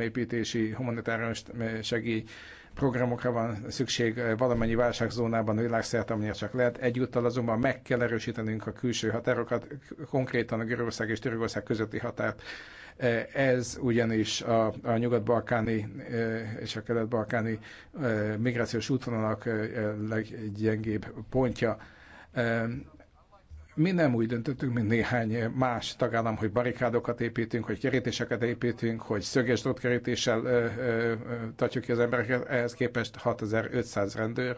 építési humanitárius segély programokra van szükség valamennyi válságzónában világszerte, amennyire csak lehet. Egyúttal azonban meg kell erősítenünk a külső határokat, konkrétan a Görögország és Törökország közötti határt. Ez ugyanis a, a nyugat-balkáni eh, és a kelet-balkáni eh, migrációs útvonalak eh, leggyengébb pontja mi nem úgy döntöttünk, mint néhány más tagállam, hogy barikádokat építünk, hogy kerítéseket építünk, hogy szöges kerítéssel tartjuk ki az embereket. Ehhez képest 6500 rendőr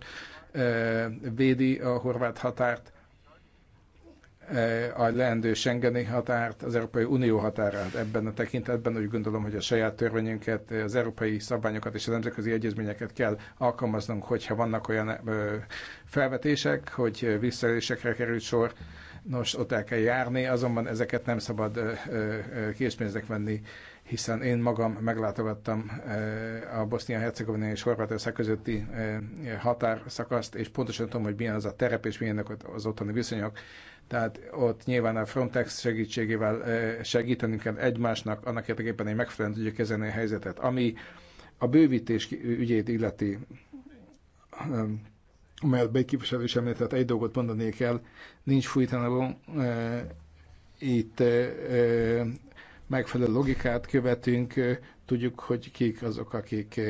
ö, védi a horvát határt, ö, a leendő Schengeni határt, az Európai Unió határát ebben a tekintetben. Úgy gondolom, hogy a saját törvényünket, az európai szabványokat és az nemzetközi egyezményeket kell alkalmaznunk, hogyha vannak olyan ö, felvetések, hogy visszaélésekre került sor, Nos, ott el kell járni, azonban ezeket nem szabad készpénznek venni, hiszen én magam meglátogattam a Bosznia-Hercegovina és Horvátország közötti határszakaszt, és pontosan tudom, hogy milyen az a terep, és milyenek az otthoni viszonyok. Tehát ott nyilván a Frontex segítségével segíteni kell egymásnak, annak érdekében, hogy megfelelően tudjuk kezelni a helyzetet. Ami a bővítés ügyét illeti, amelyet egy képviselő is említett, egy dolgot mondanék el, nincs fújtanáló, eh, itt eh, eh, megfelelő logikát követünk, tudjuk, hogy kik azok, akik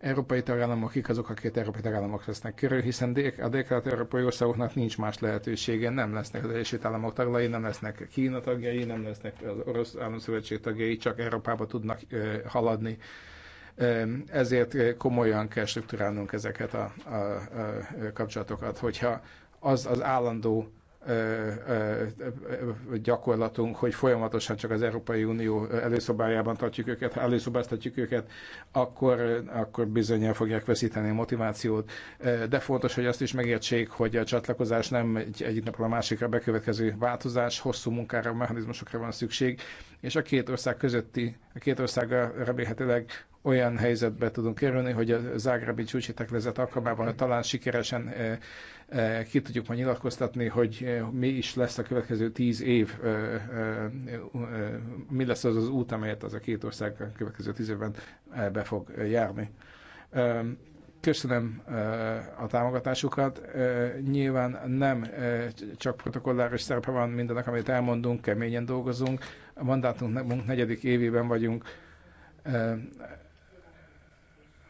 európai tagállamok, kik azok, akik európai tagállamok lesznek körül, hiszen a délkelet európai országoknak nincs más lehetősége, nem lesznek az Egyesült Államok tagjai, nem lesznek Kína tagjai, nem lesznek az Orosz Államszövetség tagjai, csak Európába tudnak haladni ezért eh, komolyan kell struktúrálnunk ezeket a, a, a e, kapcsolatokat, hogyha az az állandó e, e, gyakorlatunk, hogy folyamatosan csak az Európai Unió előszobájában tartjuk őket, ha előszobáztatjuk őket, akkor, akkor bizony el fogják veszíteni a motivációt. De fontos, hogy azt is megértsék, hogy a csatlakozás nem egy, egyik napról a másikra bekövetkező változás, hosszú munkára, mechanizmusokra van szükség, és a két ország közötti, a két országra remélhetőleg olyan helyzetbe tudunk kerülni, hogy a Zágrábi csúcsi teklezet alkalmával talán sikeresen eh, eh, ki tudjuk majd nyilatkoztatni, hogy eh, mi is lesz a következő tíz év, mi lesz az az út, amelyet az a két ország a következő tíz évben be fog járni. Köszönöm a támogatásukat. Nyilván nem csak protokolláris szerepe van mindennek, amit elmondunk, keményen dolgozunk. A mandátunk negyedik évében vagyunk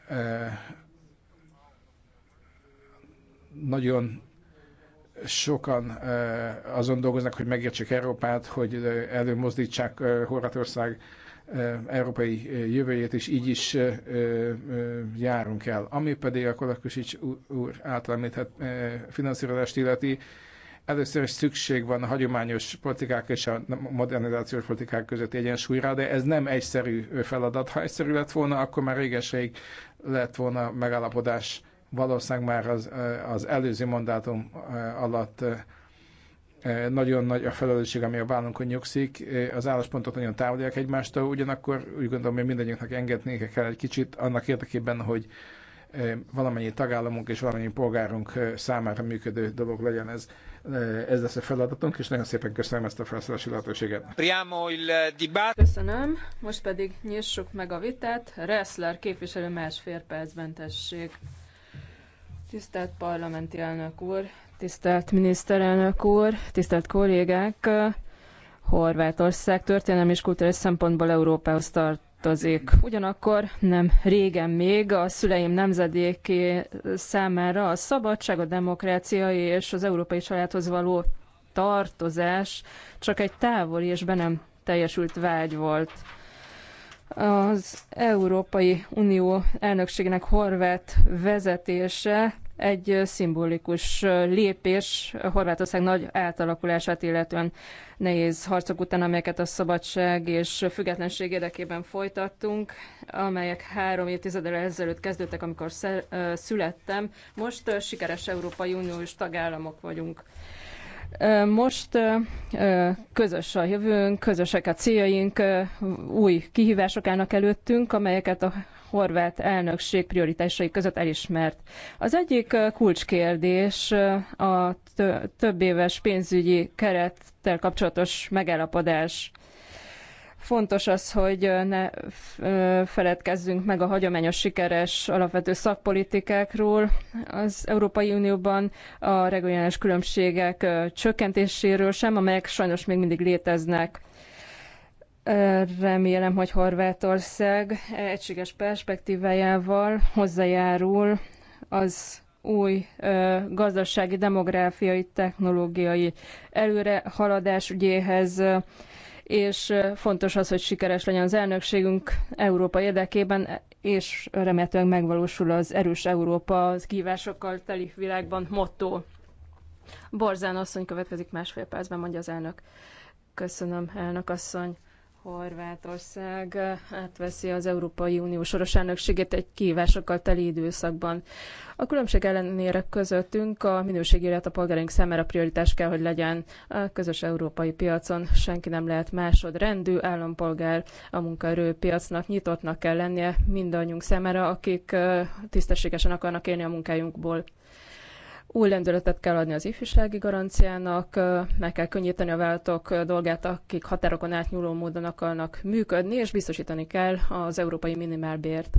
Eh, nagyon sokan eh, azon dolgoznak, hogy megértsék Európát, hogy eh, előmozdítsák Horvátország európai jövőjét, és így is járunk el. Ami pedig a Kodakusics úr által említett finanszírozást illeti, Először is szükség van a hagyományos politikák és a modernizációs politikák közötti egyensúlyra, de ez nem egyszerű feladat. Ha egyszerű lett volna, akkor már régeség lett volna megállapodás valószínűleg már az, az előző mandátum eh, alatt eh, eh, nagyon nagy a felelősség, ami a vállunkon nyugszik. Az álláspontok nagyon távoliak egymástól, ugyanakkor úgy gondolom, hogy mindannyiunknak engednék kell egy kicsit annak érdekében, hogy valamennyi tagállamunk és valamennyi polgárunk számára működő dolog legyen ez. Eh, ez lesz a feladatunk, és nagyon szépen köszönöm ezt a felszólási lehetőséget. Köszönöm, most pedig nyissuk meg a vitát. Ressler képviselő másfél percben tessék. Tisztelt parlamenti elnök úr, tisztelt miniszterelnök úr, tisztelt kollégák! Horvátország történelmi és kulturális szempontból Európához tart tartozik. Ugyanakkor nem régen még a szüleim nemzedéki számára a szabadság, a demokrácia és az európai családhoz való tartozás csak egy távoli és be nem teljesült vágy volt. Az Európai Unió elnökségének horvát vezetése egy szimbolikus lépés Horvátország nagy átalakulását illetően nehéz harcok után, amelyeket a szabadság és függetlenség érdekében folytattunk, amelyek három évtizedel ezelőtt kezdődtek, amikor születtem. Most sikeres Európai Uniós tagállamok vagyunk. Most közös a jövőnk, közösek a céljaink, új kihívások állnak előttünk, amelyeket a horvát elnökség prioritásai között elismert. Az egyik kulcskérdés a több éves pénzügyi kerettel kapcsolatos megállapodás. Fontos az, hogy ne feledkezzünk meg a hagyományos sikeres alapvető szakpolitikákról. Az Európai Unióban a regionális különbségek csökkentéséről sem, amelyek sajnos még mindig léteznek. Remélem, hogy Horvátország egységes perspektívájával hozzájárul az új ö, gazdasági, demográfiai, technológiai előrehaladás ügyéhez, ö, és ö, fontos az, hogy sikeres legyen az elnökségünk Európa érdekében, és remélhetőleg megvalósul az erős Európa az kívásokkal teli világban motto. Borzán asszony következik másfél percben, mondja az elnök. Köszönöm, elnök asszony. Horvátország eh, átveszi az Európai Unió soros elnökségét egy kihívásokkal teli időszakban. A különbség ellenére közöttünk a minőségi élet a polgáraink számára prioritás kell, hogy legyen. A közös európai piacon senki nem lehet másodrendű állampolgár. A munkaerőpiacnak nyitottnak kell lennie mindannyiunk számára, akik eh, tisztességesen akarnak élni a munkájukból. Új lendületet kell adni az ifjúsági garanciának, meg kell könnyíteni a vállalatok dolgát, akik határokon átnyúló módon akarnak működni, és biztosítani kell az európai minimálbért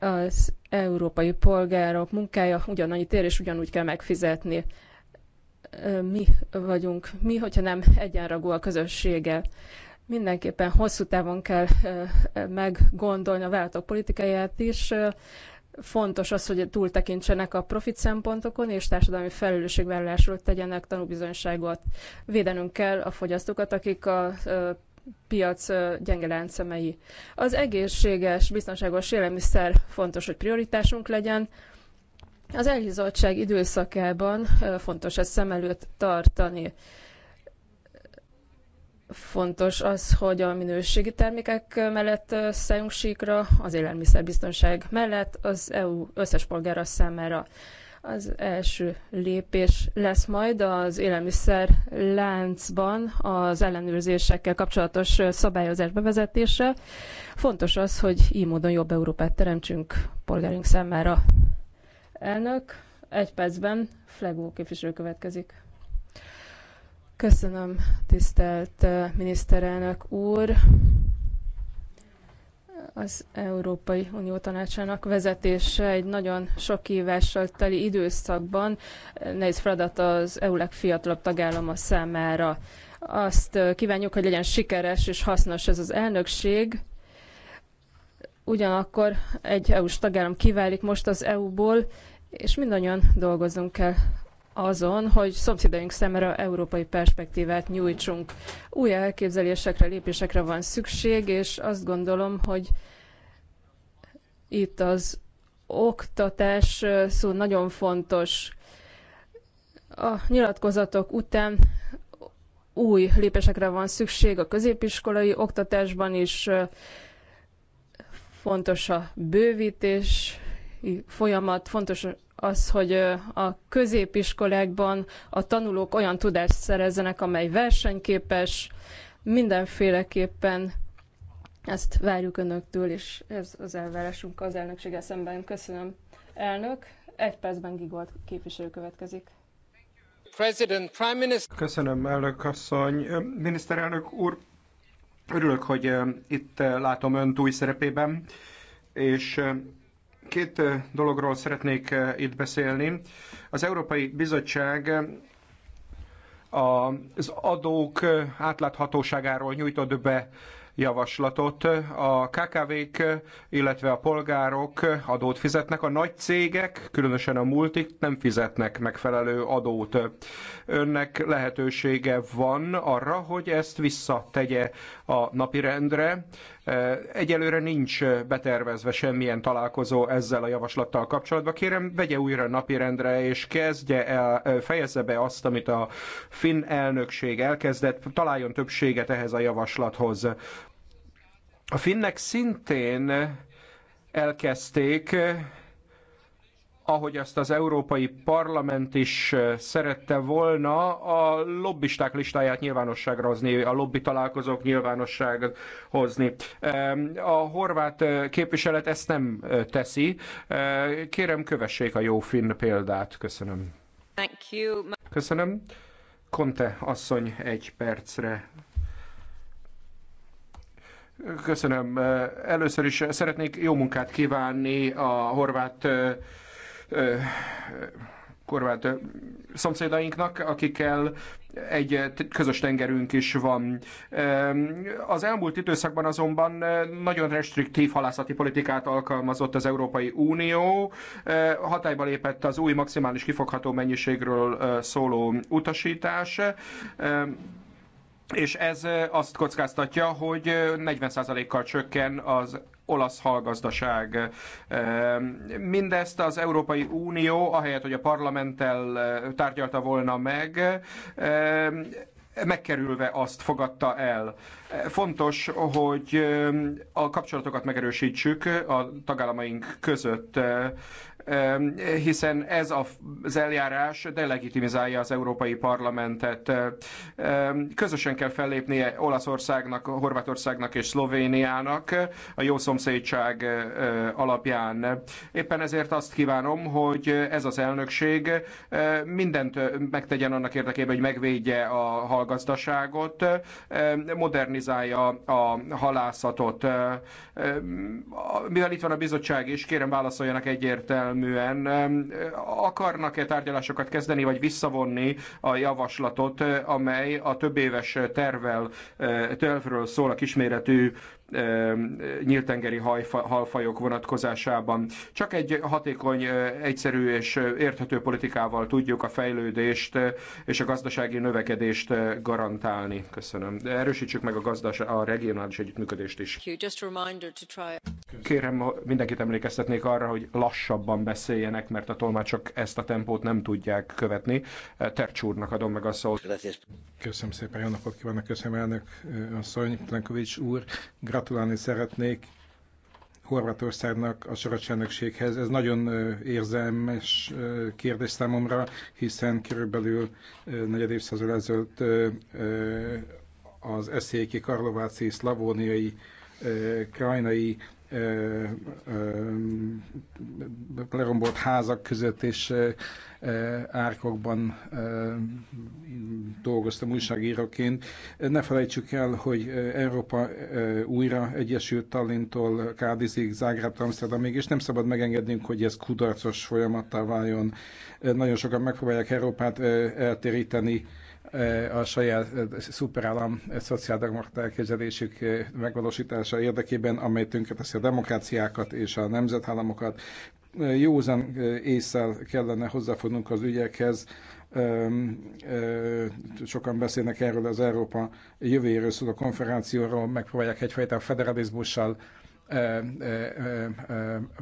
az európai polgárok munkája ugyanannyi tér, és ugyanúgy kell megfizetni. Mi vagyunk mi, hogyha nem egyenragú a közössége. Mindenképpen hosszú távon kell meggondolni a vállalatok politikáját is, fontos az, hogy túltekintsenek a profit szempontokon, és társadalmi felelősségvállalásról tegyenek tanúbizonyságot. Védenünk kell a fogyasztókat, akik a piac gyenge láncemei. Az egészséges, biztonságos élelmiszer fontos, hogy prioritásunk legyen. Az elhízottság időszakában fontos ezt szem előtt tartani. Fontos az, hogy a minőségi termékek mellett szálljunk síkra, az élelmiszerbiztonság mellett az EU összes polgára számára az első lépés lesz majd az élelmiszer láncban az ellenőrzésekkel kapcsolatos szabályozás bevezetése. Fontos az, hogy így módon jobb Európát teremtsünk polgárunk számára. Elnök, egy percben Flegó képviselő következik. Köszönöm, tisztelt miniszterelnök úr! Az Európai Unió Tanácsának vezetése egy nagyon sok hívással teli időszakban nehéz feladat az eu legfiatalabb tagállama számára. Azt kívánjuk, hogy legyen sikeres és hasznos ez az elnökség. Ugyanakkor egy EU-s tagállam kiválik most az EU-ból, és mindannyian dolgozunk kell azon, hogy szomszédaink szemre európai perspektívát nyújtsunk. Új elképzelésekre, lépésekre van szükség, és azt gondolom, hogy itt az oktatás szó nagyon fontos. A nyilatkozatok után új lépésekre van szükség a középiskolai oktatásban is, fontos a bővítés folyamat, fontos az, hogy a középiskolákban a tanulók olyan tudást szerezzenek, amely versenyképes, mindenféleképpen ezt várjuk önöktől, és ez az elvárásunk az elnökséggel szemben. Köszönöm, elnök. Egy percben Gigolt képviselő következik. Köszönöm, elnök asszony. Miniszterelnök úr, örülök, hogy itt látom önt új szerepében, és Két dologról szeretnék itt beszélni. Az Európai Bizottság az adók átláthatóságáról nyújtott be javaslatot. A KKV-k, illetve a polgárok adót fizetnek, a nagy cégek, különösen a multik nem fizetnek megfelelő adót. Önnek lehetősége van arra, hogy ezt visszategye a napirendre, Egyelőre nincs betervezve semmilyen találkozó ezzel a javaslattal kapcsolatban. Kérem, vegye újra napirendre, és kezdje el, fejezze be azt, amit a finn elnökség elkezdett, találjon többséget ehhez a javaslathoz. A finnek szintén elkezdték ahogy azt az Európai Parlament is szerette volna, a lobbisták listáját nyilvánosságra hozni, a lobby találkozók nyilvánosságra hozni. A horvát képviselet ezt nem teszi. Kérem, kövessék a jó finn példát. Köszönöm. Thank you. Köszönöm. Konte asszony egy percre. Köszönöm. Először is szeretnék jó munkát kívánni a horvát korvát szomszédainknak, akikkel egy közös tengerünk is van. Az elmúlt időszakban azonban nagyon restriktív halászati politikát alkalmazott az Európai Unió. Hatályba lépett az új maximális kifogható mennyiségről szóló utasítás és ez azt kockáztatja, hogy 40%-kal csökken az olasz hallgazdaság. Mindezt az Európai Unió, ahelyett, hogy a parlamenttel eh, tárgyalta volna meg, megkerülve azt fogadta el. Fontos, hogy a kapcsolatokat megerősítsük a tagállamaink között hiszen ez az eljárás delegitimizálja az Európai Parlamentet. Közösen kell fellépnie Olaszországnak, Horvátországnak és Szlovéniának a jó szomszédság alapján. Éppen ezért azt kívánom, hogy ez az elnökség mindent megtegyen annak érdekében, hogy megvédje a hallgazdaságot, modernizálja a halászatot. Mivel itt van a bizottság is, kérem válaszoljanak egyértelműen egyértelműen akarnak-e tárgyalásokat kezdeni, vagy visszavonni a javaslatot, amely a többéves tervel eh, tervről szól a kisméretű nyíltengeri halfajok vonatkozásában. Csak egy hatékony, eh, egyszerű és eh, érthető politikával tudjuk a fejlődést és a gazdasági növekedést garantálni. Köszönöm. De erősítsük meg a, gazdas- a regionális együttműködést is. Kérem, mindenkit emlékeztetnék arra, hogy lassabban beszéljenek, mert a tolmácsok ezt a tempót nem tudják követni. Eh, Tercsúrnak adom meg a szót. Köszönöm szépen, jó napot kívánok, köszönöm elnök eh, asszony, Plenkovics úr. Gratulálni szeretnék Horvátországnak a soros elnökséghez. Ez nagyon eh, érzelmes kérdés számomra, hiszen körülbelül negyed évszázal ezelőtt az eszéki, karlováci, szlavóniai krajnai lerombolt házak között és árkokban dolgoztam újságíróként. Ne felejtsük el, hogy Európa újra egyesült Tallintól Kádizig, Zágráb, Amsterdamig, és nem szabad megengednünk, hogy ez kudarcos folyamattá váljon. Nagyon sokan megpróbálják Európát eltéríteni a saját szuperállam szociáldemokrata elképzelésük megvalósítása érdekében, amely tönkreteszi a demokráciákat és a nemzetállamokat. Józan észre kellene hozzáfognunk az ügyekhez, sokan beszélnek erről az Európa jövőjéről szóló konferencióról, megpróbálják egyfajta federalizmussal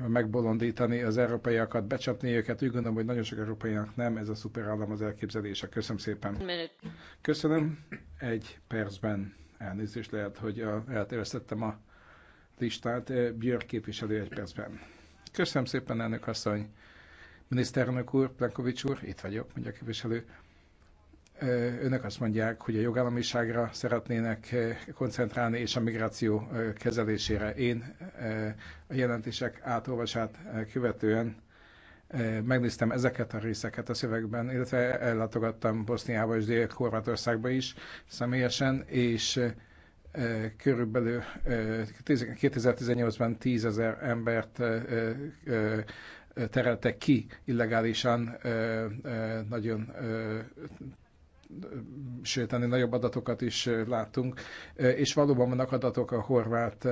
megbolondítani az európaiakat, becsapni őket. Úgy gondolom, hogy nagyon sok európaiak nem, ez a szuperállam az elképzelése. Köszönöm szépen. Köszönöm. Egy percben elnézést lehet, hogy eltévesztettem a listát. Björk képviselő egy percben. Köszönöm szépen, elnök asszony. Miniszterelnök úr, Plenkovics úr, itt vagyok, mondja a képviselő. Önök azt mondják, hogy a jogállamiságra szeretnének koncentrálni, és a migráció kezelésére. Én a jelentések átolvasát követően megnéztem ezeket a részeket a szövegben, illetve ellátogattam Boszniába és Dél-Horvátországba is személyesen, és körülbelül 2018-ban 10 ezer embert tereltek ki illegálisan, nagyon sőt, ennél nagyobb adatokat is láttunk, és valóban vannak adatok a horvát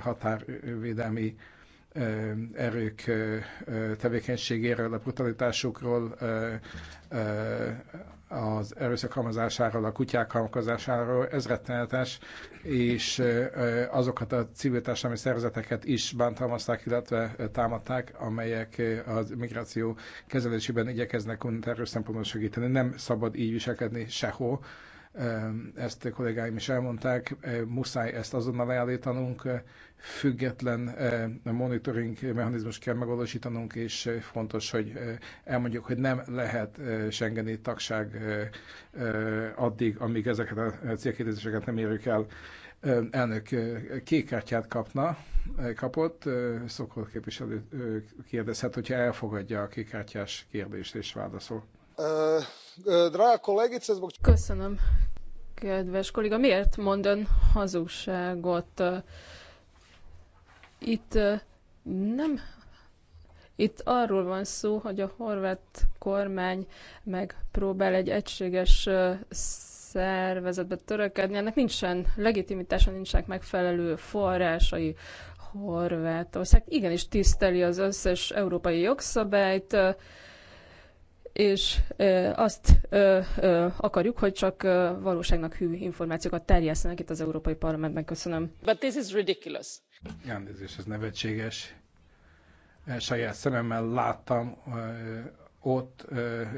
határvédelmi erők tevékenységéről, a brutalitásukról, az erőszak halmozásáról, a kutyák halmozásáról, ez rettenetes, és azokat a civil társadalmi szervezeteket is bántalmazták, illetve támadták, amelyek az migráció kezelésében igyekeznek humanitárius szempontból segíteni. Nem szabad így viselkedni sehol, ezt a kollégáim is elmondták, muszáj ezt azonnal állítanunk, független monitoring mechanizmus kell megvalósítanunk, és fontos, hogy elmondjuk, hogy nem lehet Schengeni tagság addig, amíg ezeket a célkérdéseket nem érjük el. Elnök kékkártyát kapna, kapott, szokott képviselő kérdezhet, hogyha elfogadja a kékkártyás kérdést és válaszol. Köszönöm, kedves kolléga. Miért mond ön hazugságot? Itt nem itt arról van szó, hogy a horvát kormány megpróbál egy egységes szervezetbe törekedni. Ennek nincsen legitimitása, nincsenek megfelelő forrásai. Horvátország igenis tiszteli az összes európai jogszabályt, és azt akarjuk, hogy csak valóságnak hű információkat terjesztenek itt az Európai Parlamentben. Köszönöm. But this is ridiculous. Elnézést, ez nevetséges. Saját szememmel láttam ott,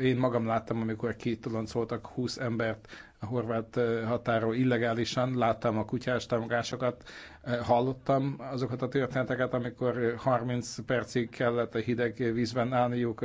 én magam láttam, amikor kitoloncoltak 20 embert a horvát határól illegálisan, láttam a kutyás támogásokat, hallottam azokat a történeteket, amikor 30 percig kellett a hideg vízben állniuk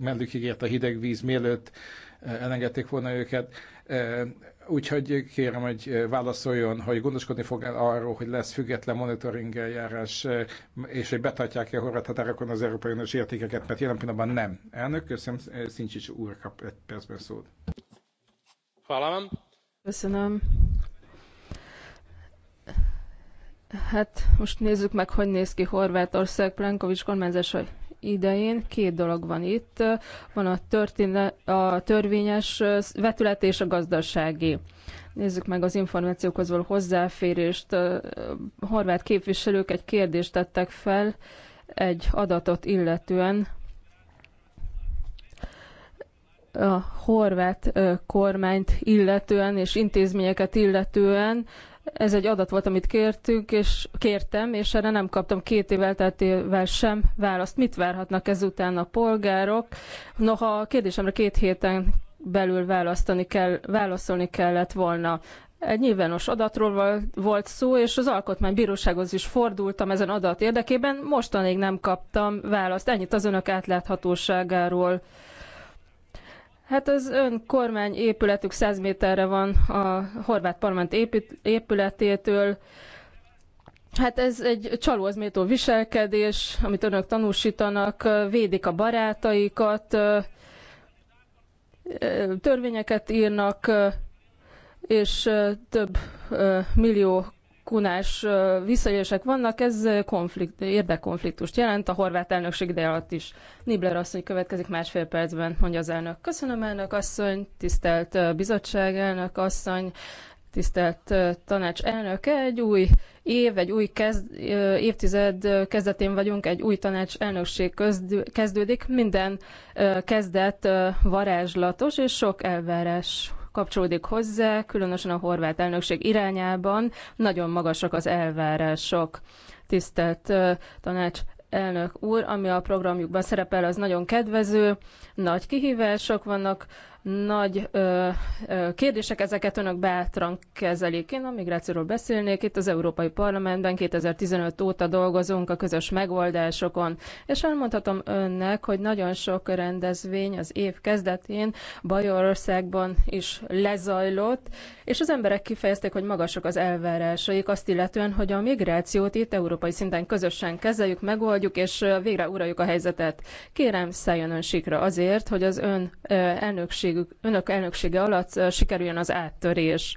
mellük ígért a hideg víz, mielőtt eh, elengedték volna őket. Eh, úgyhogy kérem, hogy válaszoljon, hogy gondoskodni fog el arról, hogy lesz független monitoring eljárás, eh, és hogy betartják-e a horvát határokon az Európai Uniós értékeket, mert jelen pillanatban nem. Elnök, köszönöm, Szincsics úr kap egy percben szót. Valam. Köszönöm. Hát most nézzük meg, hogy néz ki Horvátország Plenkovics hogy idején. Két dolog van itt. Van a, történe, a törvényes vetület és a gazdasági. Nézzük meg az információkhoz való hozzáférést. A horvát képviselők egy kérdést tettek fel egy adatot illetően, a horvát kormányt illetően és intézményeket illetően, ez egy adat volt, amit kértünk, és kértem, és erre nem kaptam két év elteltével sem választ. Mit várhatnak ezután a polgárok? Noha a kérdésemre két héten belül választani kell, válaszolni kellett volna. Egy nyilvános adatról volt szó, és az alkotmánybírósághoz is fordultam ezen adat érdekében. Mostanig nem kaptam választ. Ennyit az önök átláthatóságáról. Hát az ön kormány épületük 100 méterre van a horvát parlament épületétől. Hát ez egy csalóz méltó viselkedés, amit önök tanúsítanak, védik a barátaikat, törvényeket írnak, és több millió kunás visszaélések vannak, ez konflikt, érdekkonfliktust jelent a horvát elnökség ideje alatt is. Nibler asszony következik másfél percben, mondja az elnök. Köszönöm elnök asszony, tisztelt bizottság elnök asszony, tisztelt tanács elnöke, egy új év, egy új kezd, évtized kezdetén vagyunk, egy új tanács elnökség közd, kezdődik, minden kezdet varázslatos és sok elvárás kapcsolódik hozzá, különösen a horvát elnökség irányában. Nagyon magasak az elvárások. Tisztelt tanács elnök úr, ami a programjukban szerepel, az nagyon kedvező. Nagy kihívások vannak nagy ö, ö, kérdések, ezeket önök bátran kezelik. Én a migrációról beszélnék, itt az Európai Parlamentben 2015 óta dolgozunk a közös megoldásokon, és elmondhatom önnek, hogy nagyon sok rendezvény az év kezdetén Bajorországban is lezajlott, és az emberek kifejezték, hogy magasak az elvárásaik azt illetően, hogy a migrációt itt európai szinten közösen kezeljük, megoldjuk, és végre uraljuk a helyzetet. Kérem, szálljon ön sikra azért, hogy az ön elnökségük, önök elnöksége alatt sikerüljön az áttörés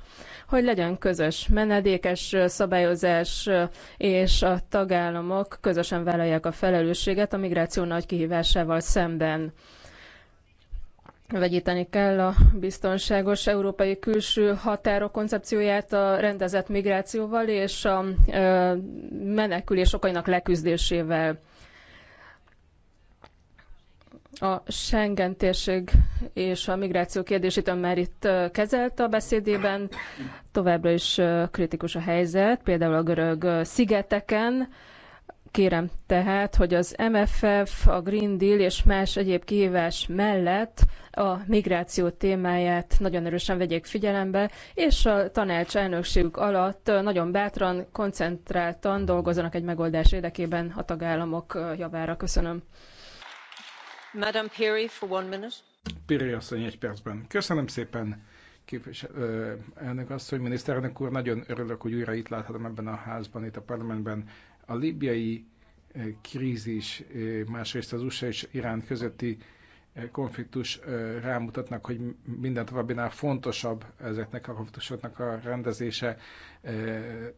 hogy legyen közös menedékes szabályozás, és a tagállamok közösen vállalják a felelősséget a migráció nagy kihívásával szemben vegyíteni kell a biztonságos európai külső határok koncepcióját a rendezett migrációval és a menekülés okainak leküzdésével. A Schengen térség és a migráció kérdését ön már itt kezelt a beszédében. Továbbra is kritikus a helyzet, például a görög szigeteken Kérem tehát, hogy az MFF, a Green Deal és más egyéb kihívás mellett a migráció témáját nagyon erősen vegyék figyelembe, és a tanács elnökségük alatt nagyon bátran, koncentráltan dolgozzanak egy megoldás érdekében a tagállamok javára. Köszönöm. Madam Piri, for one minute. Piri asszony egy percben. Köszönöm szépen képviselő elnök asszony, miniszterelnök úr, nagyon örülök, hogy újra itt láthatom ebben a házban, itt a parlamentben a libiai eh, krízis, eh, másrészt az USA és Irán közötti eh, konfliktus rámutatnak, hogy minden továbbinál fontosabb ezeknek a konfliktusoknak a rendezése,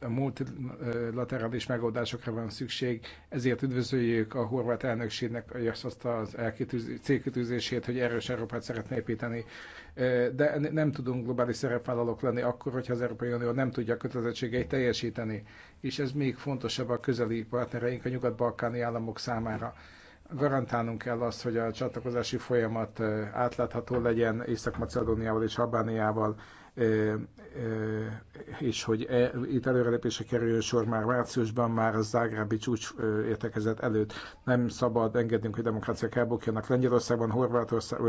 a multilaterális megoldásokra van szükség, ezért üdvözöljük a horvát elnökségnek azt az elkitűz, célkitűzését, hogy erős Európát szeretne építeni de nem tudunk globális szerepvállalók lenni akkor, hogyha az Európai Unió nem tudja a kötelezettségeit teljesíteni, és ez még fontosabb a közeli partnereink, a nyugat-balkáni államok számára. Garantálnunk kell azt, hogy a csatlakozási folyamat átlátható legyen Észak-Macedóniával és Albániával, és hogy e, itt előrelépése kerüljön sor már márciusban, már a Zágrábi csúcs értekezett előtt nem szabad engednünk, hogy demokráciák elbukjanak Lengyelországban, Horvátország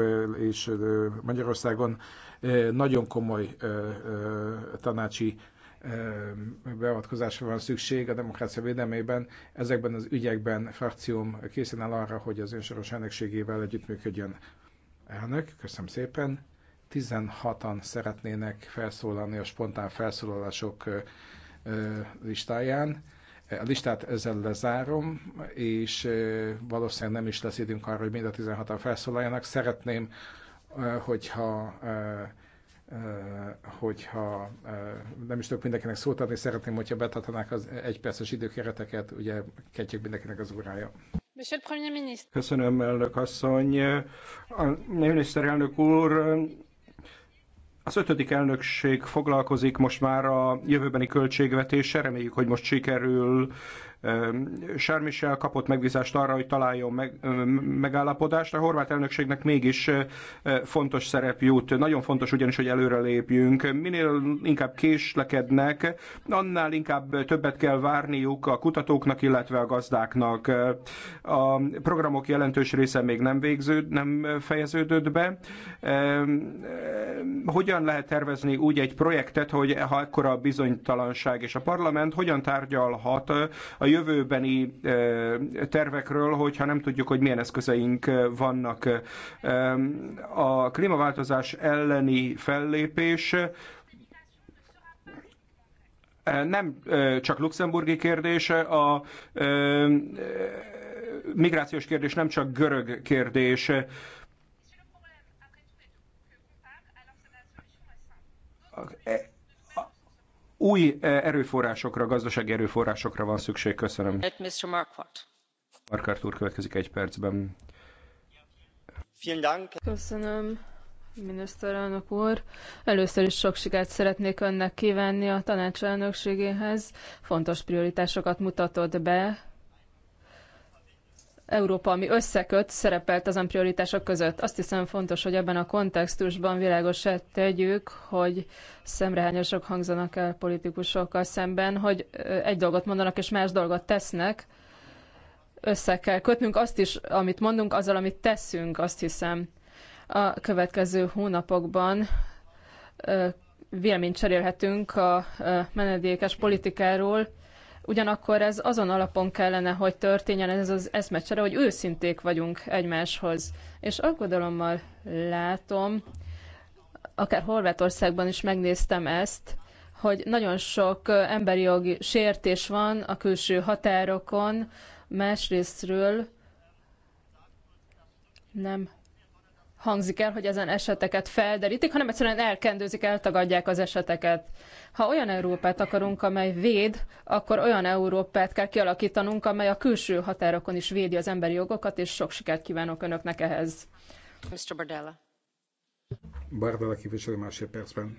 és Magyarországon nagyon komoly tanácsi beavatkozásra van szükség a demokrácia védelmében. Ezekben az ügyekben frakcióm készen áll arra, hogy az önsoros elnökségével együttműködjön. Elnök, köszönöm szépen. 16-an szeretnének felszólalni a spontán felszólalások listáján. A listát ezzel lezárom, és valószínűleg nem is lesz időnk arra, hogy mind a 16-an felszólaljanak. Szeretném, hogyha hogyha nem is tudok mindenkinek szót adni, szeretném, hogyha betartanák az egyperces időkereteket, ugye kentjük mindenkinek az órája. Köszönöm, elnök asszony. A miniszterelnök úr, az ötödik elnökség foglalkozik most már a jövőbeni költségvetéssel, reméljük, hogy most sikerül Charles kapott megbízást arra, hogy találjon meg, megállapodást. A horvát elnökségnek mégis fontos szerep jut. Nagyon fontos ugyanis, hogy előre lépjünk. Minél inkább késlekednek, annál inkább többet kell várniuk a kutatóknak, illetve a gazdáknak. A programok jelentős része még nem, végződ, nem fejeződött be. Hogyan lehet tervezni úgy egy projektet, hogy ha ekkora a bizonytalanság, és a parlament hogyan tárgyalhat a jövőbeni tervekről, hogyha nem tudjuk, hogy milyen eszközeink vannak. A klímaváltozás elleni fellépés nem csak luxemburgi kérdés, a migrációs kérdés nem csak görög kérdés új eh, erőforrásokra, gazdasági erőforrásokra van szükség. Köszönöm. Mr. Markart úr következik egy percben. Köszönöm, miniszterelnök úr. Először is sok sikert szeretnék önnek kívánni a tanácselnökségéhez. Fontos prioritásokat mutatott be, Európa, ami összeköt, szerepelt az prioritások között. Azt hiszem fontos, hogy ebben a kontextusban világosá tegyük, hogy szemrehányosok hangzanak el politikusokkal szemben, hogy egy dolgot mondanak és más dolgot tesznek. Össze kell kötnünk azt is, amit mondunk, azzal, amit teszünk, azt hiszem. A következő hónapokban véleményt cserélhetünk a menedékes politikáról, Ugyanakkor ez azon alapon kellene, hogy történjen ez az eszmecsere, hogy őszinték vagyunk egymáshoz. És aggodalommal látom, akár Horvátországban is megnéztem ezt, hogy nagyon sok emberi jogi sértés van a külső határokon, másrésztről nem hangzik el, hogy ezen eseteket felderítik, hanem egyszerűen elkendőzik, eltagadják az eseteket. Ha olyan Európát akarunk, amely véd, akkor olyan Európát kell kialakítanunk, amely a külső határokon is védi az emberi jogokat, és sok sikert kívánok Önöknek ehhez. Mr. Bardella. Bardella képviselő másfél percben.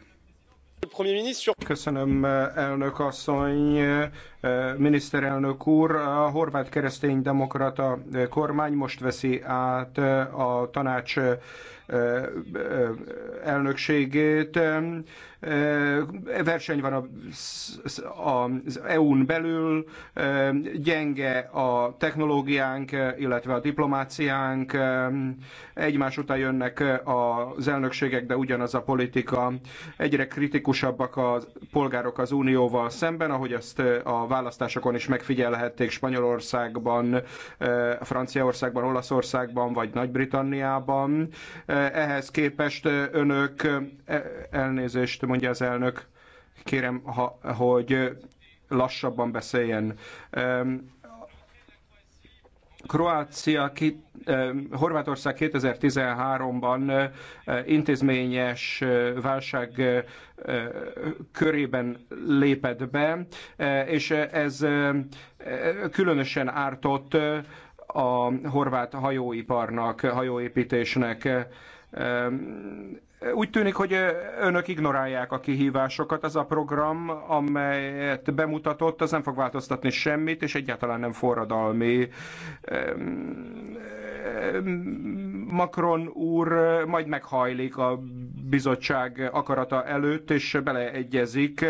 Köszönöm, elnök asszony miniszterelnök úr, a horvát kereszténydemokrata kormány most veszi át a tanács elnökségét. Verseny van az EU-n belül, gyenge a technológiánk, illetve a diplomáciánk, egymás után jönnek az elnökségek, de ugyanaz a politika. Egyre kritikusabbak a polgárok az unióval szemben, ahogy azt a választásokon is megfigyelhették Spanyolországban, eh, Franciaországban, Olaszországban vagy Nagy-Britanniában. Eh, ehhez képest eh, önök, elnézést mondja az elnök, kérem, ha, hogy lassabban beszéljen. Kroácia, ki, eh, Horvátország 2013-ban eh, intézményes eh, válság eh, körében lépett be, eh, és ez eh, különösen ártott eh, a horvát hajóiparnak, hajóépítésnek. Eh, úgy tűnik, hogy önök ignorálják a kihívásokat. Ez a program, amelyet bemutatott, az nem fog változtatni semmit, és egyáltalán nem forradalmi. Macron úr majd meghajlik a bizottság akarata előtt, és beleegyezik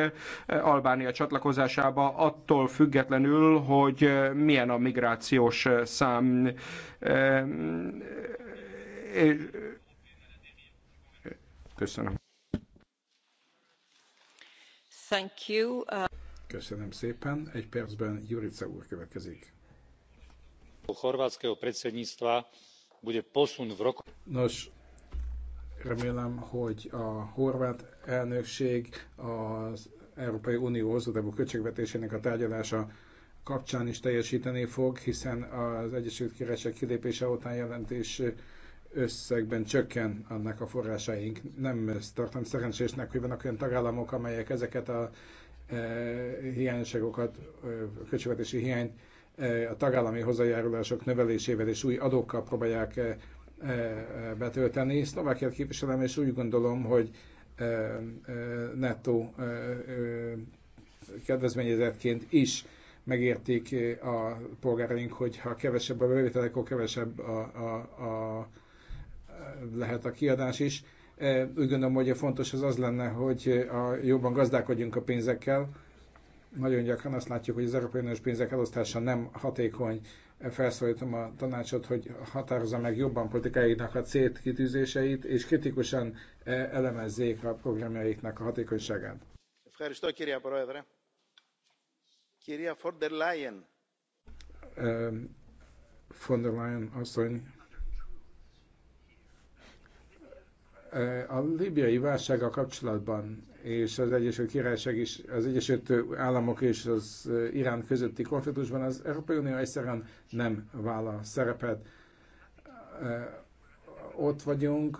Albánia csatlakozásába, attól függetlenül, hogy milyen a migrációs szám Köszönöm. Thank you. Uh, Köszönöm szépen. Egy percben Jurica úr következik. Horvátského predsedníctva bude posun v roku... Nos, remélem, hogy a horvát elnökség az Európai Unió hozzátevő költségvetésének a tárgyalása kapcsán is teljesíteni fog, hiszen az Egyesült Királyság kilépése után jelentés összegben csökken annak a forrásaink. Nem ezt tartom szerencsésnek, hogy vannak olyan tagállamok, amelyek ezeket a e, hiányosságokat, a e, költségvetési hiányt e, a tagállami hozzájárulások növelésével és új adókkal próbálják e, e, betölteni. Szlovákiát képviselem, és úgy gondolom, hogy e, e, nettó e, e, kedvezményezetként is megértik e, a polgáraink, hogy ha kevesebb a bevétel, akkor kevesebb a, a, a lehet a kiadás is. Úgy gondolom, hogy a fontos az az lenne, hogy a, jobban gazdálkodjunk a pénzekkel. Nagyon gyakran azt látjuk, hogy az Európai Uniós pénzek elosztása nem hatékony. Felszólítom a tanácsot, hogy határozza meg jobban politikáinak a célt kitűzéseit, és kritikusan elemezzék a programjaiknak a hatékonyságát. Ευχαριστώ Von der Leyen asszony A libiai válsággal kapcsolatban és az Egyesült Királyság is, az Egyesült Államok és az Irán közötti konfliktusban az Európai Unió egyszerűen nem vállal szerepet. Ott vagyunk,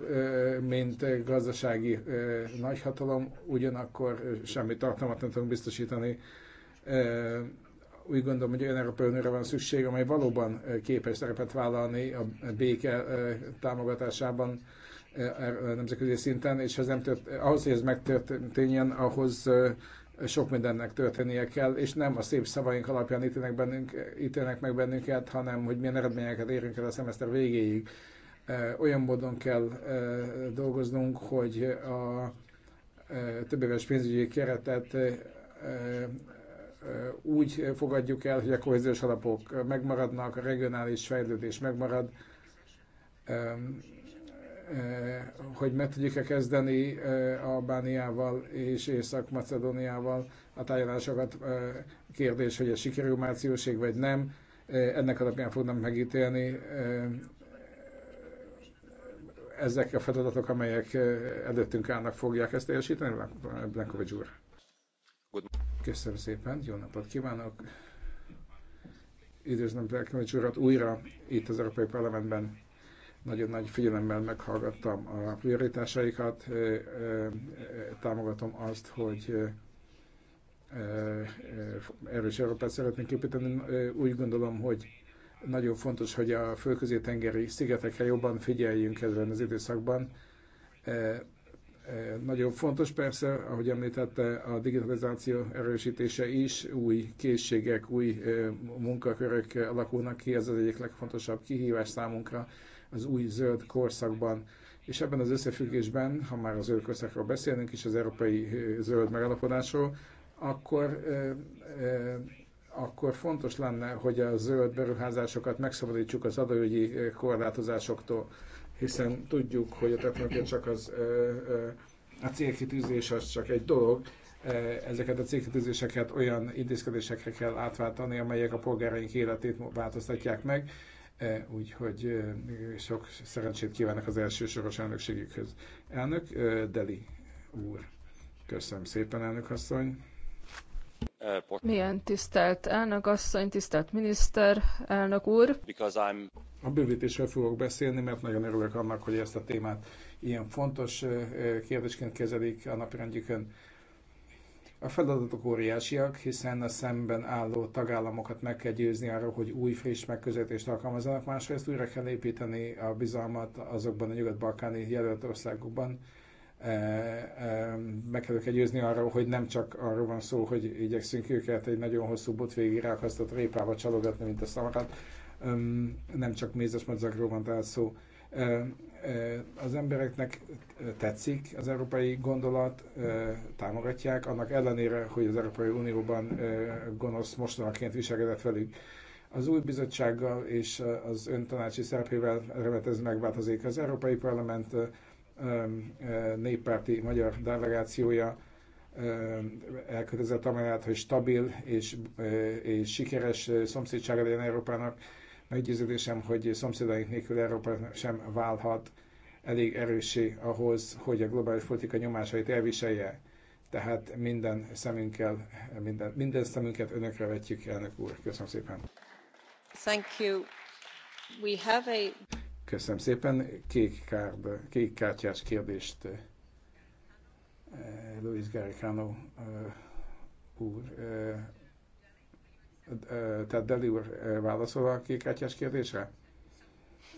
mint gazdasági nagyhatalom, ugyanakkor semmi tartalmat nem tudunk biztosítani. Úgy gondolom, hogy olyan Európai Unióra van szükség, amely valóban képes szerepet vállalni a béke támogatásában, E, e, nemzetközi szinten, és ez nem tört, ahhoz, hogy ez megtörténjen, ahhoz e, sok mindennek történnie kell, és nem a szép szavaink alapján ítélnek, bennünk, ítélnek meg bennünket, hanem hogy milyen eredményeket érünk el a szemeszter végéig. Olyan módon kell dolgoznunk, hogy a éves pénzügyi keretet úgy fogadjuk el, hogy a kohéziós alapok megmaradnak, a regionális fejlődés megmarad, Eh, hogy meg tudjuk-e kezdeni eh, Albániával és Észak-Macedóniával a tárgyalásokat. Eh, kérdés, hogy ez sikerül márciusig vagy nem. Ennek alapján fognak megítélni ezek a feladatok, amelyek előttünk állnak, fogják ezt teljesíteni, Blankovics úr. Köszönöm szépen, jó napot kívánok! Üdvözlöm Blankovics urat újra itt az Európai Parlamentben nagyon nagy figyelemmel meghallgattam a prioritásaikat, támogatom azt, hogy erős Európát szeretnénk építeni. Úgy gondolom, hogy nagyon fontos, hogy a fölközi tengeri szigetekre jobban figyeljünk ezen az időszakban. Nagyon fontos persze, ahogy említette, a digitalizáció erősítése is, új készségek, új munkakörök alakulnak ki, ez az egyik legfontosabb kihívás számunkra az új zöld korszakban. És ebben az összefüggésben, ha már az zöld korszakról beszélünk, és az európai zöld megalapodásról, akkor, akkor fontos lenne, hogy a zöld beruházásokat megszabadítsuk az adóügyi korlátozásoktól, hiszen tudjuk, hogy a technológia csak az a célkitűzés az csak egy dolog, ezeket a célkitűzéseket olyan intézkedésekre kell átváltani, amelyek a polgáraink életét változtatják meg, E, úgyhogy e, sok szerencsét kívánok az első soros elnökségükhöz. Elnök e, Deli úr, köszönöm szépen, elnök asszony. Milyen tisztelt elnök asszony, tisztelt miniszter, elnök úr. A bővítésről fogok beszélni, mert nagyon örülök annak, hogy ezt a témát ilyen fontos kérdésként kezelik a napirendjükön a feladatok óriásiak, hiszen a szemben álló tagállamokat meg kell győzni arra, hogy új, friss megközelítést alkalmazzanak, másrészt újra kell építeni a bizalmat azokban a nyugat-balkáni jelölt országokban, e, e, meg kell őket győzni arról, hogy nem csak arról van szó, hogy igyekszünk őket egy nagyon hosszú bot végig rákasztott csalogatni, mint a szamarát, nem csak mézes madzagról van tehát szó, az embereknek tetszik az európai gondolat, támogatják, annak ellenére, hogy az Európai Unióban gonosz mostanaként viselkedett velük. Az új bizottsággal és az tanácsi szerepével remet ez megváltozik. Az Európai Parlament néppárti magyar delegációja elkötelezett amellett, hogy stabil és, és sikeres szomszédsága legyen Európának, Meggyőződésem, hogy szomszédaink nélkül Európa sem válhat elég erősé ahhoz, hogy a globális politika nyomásait elviselje. Tehát minden szemünkkel, minden, minden szemünket önökre vetjük, elnök úr. Köszönöm szépen. Thank you. We have a... Köszönöm szépen. Kék, kárd, kék kártyás kérdést eh, Luis Garicano eh, úr eh, tehát Deli úr válaszol a kékkártyás kérdésre?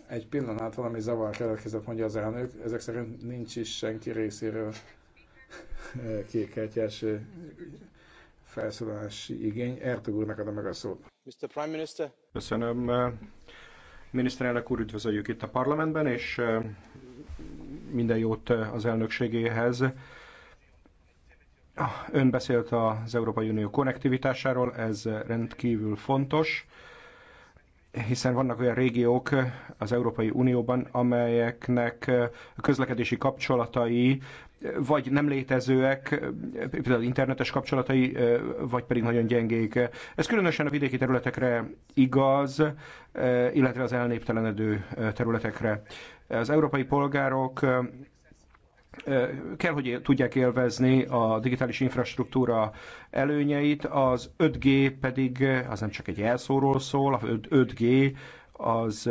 Egy pillanat, valami zavar keletkezett, mondja az elnök. Ezek szerint nincs is senki részéről kékkártyás felszólalási igény. Ertug úrnak adom meg a szót. Mr. Prime Minister. Köszönöm. Miniszterelnök úr, üdvözöljük itt a parlamentben, és minden jót az elnökségéhez. Ah, ön beszélt az Európai Unió konnektivitásáról, ez rendkívül fontos, hiszen vannak olyan régiók az Európai Unióban, amelyeknek közlekedési kapcsolatai vagy nem létezőek, például internetes kapcsolatai, vagy pedig nagyon gyengék. Ez különösen a vidéki területekre igaz, illetve az elnéptelenedő területekre. Az európai polgárok kell, hogy tudják élvezni a digitális infrastruktúra előnyeit, az 5G pedig, az nem csak egy elszóról szól, a 5G az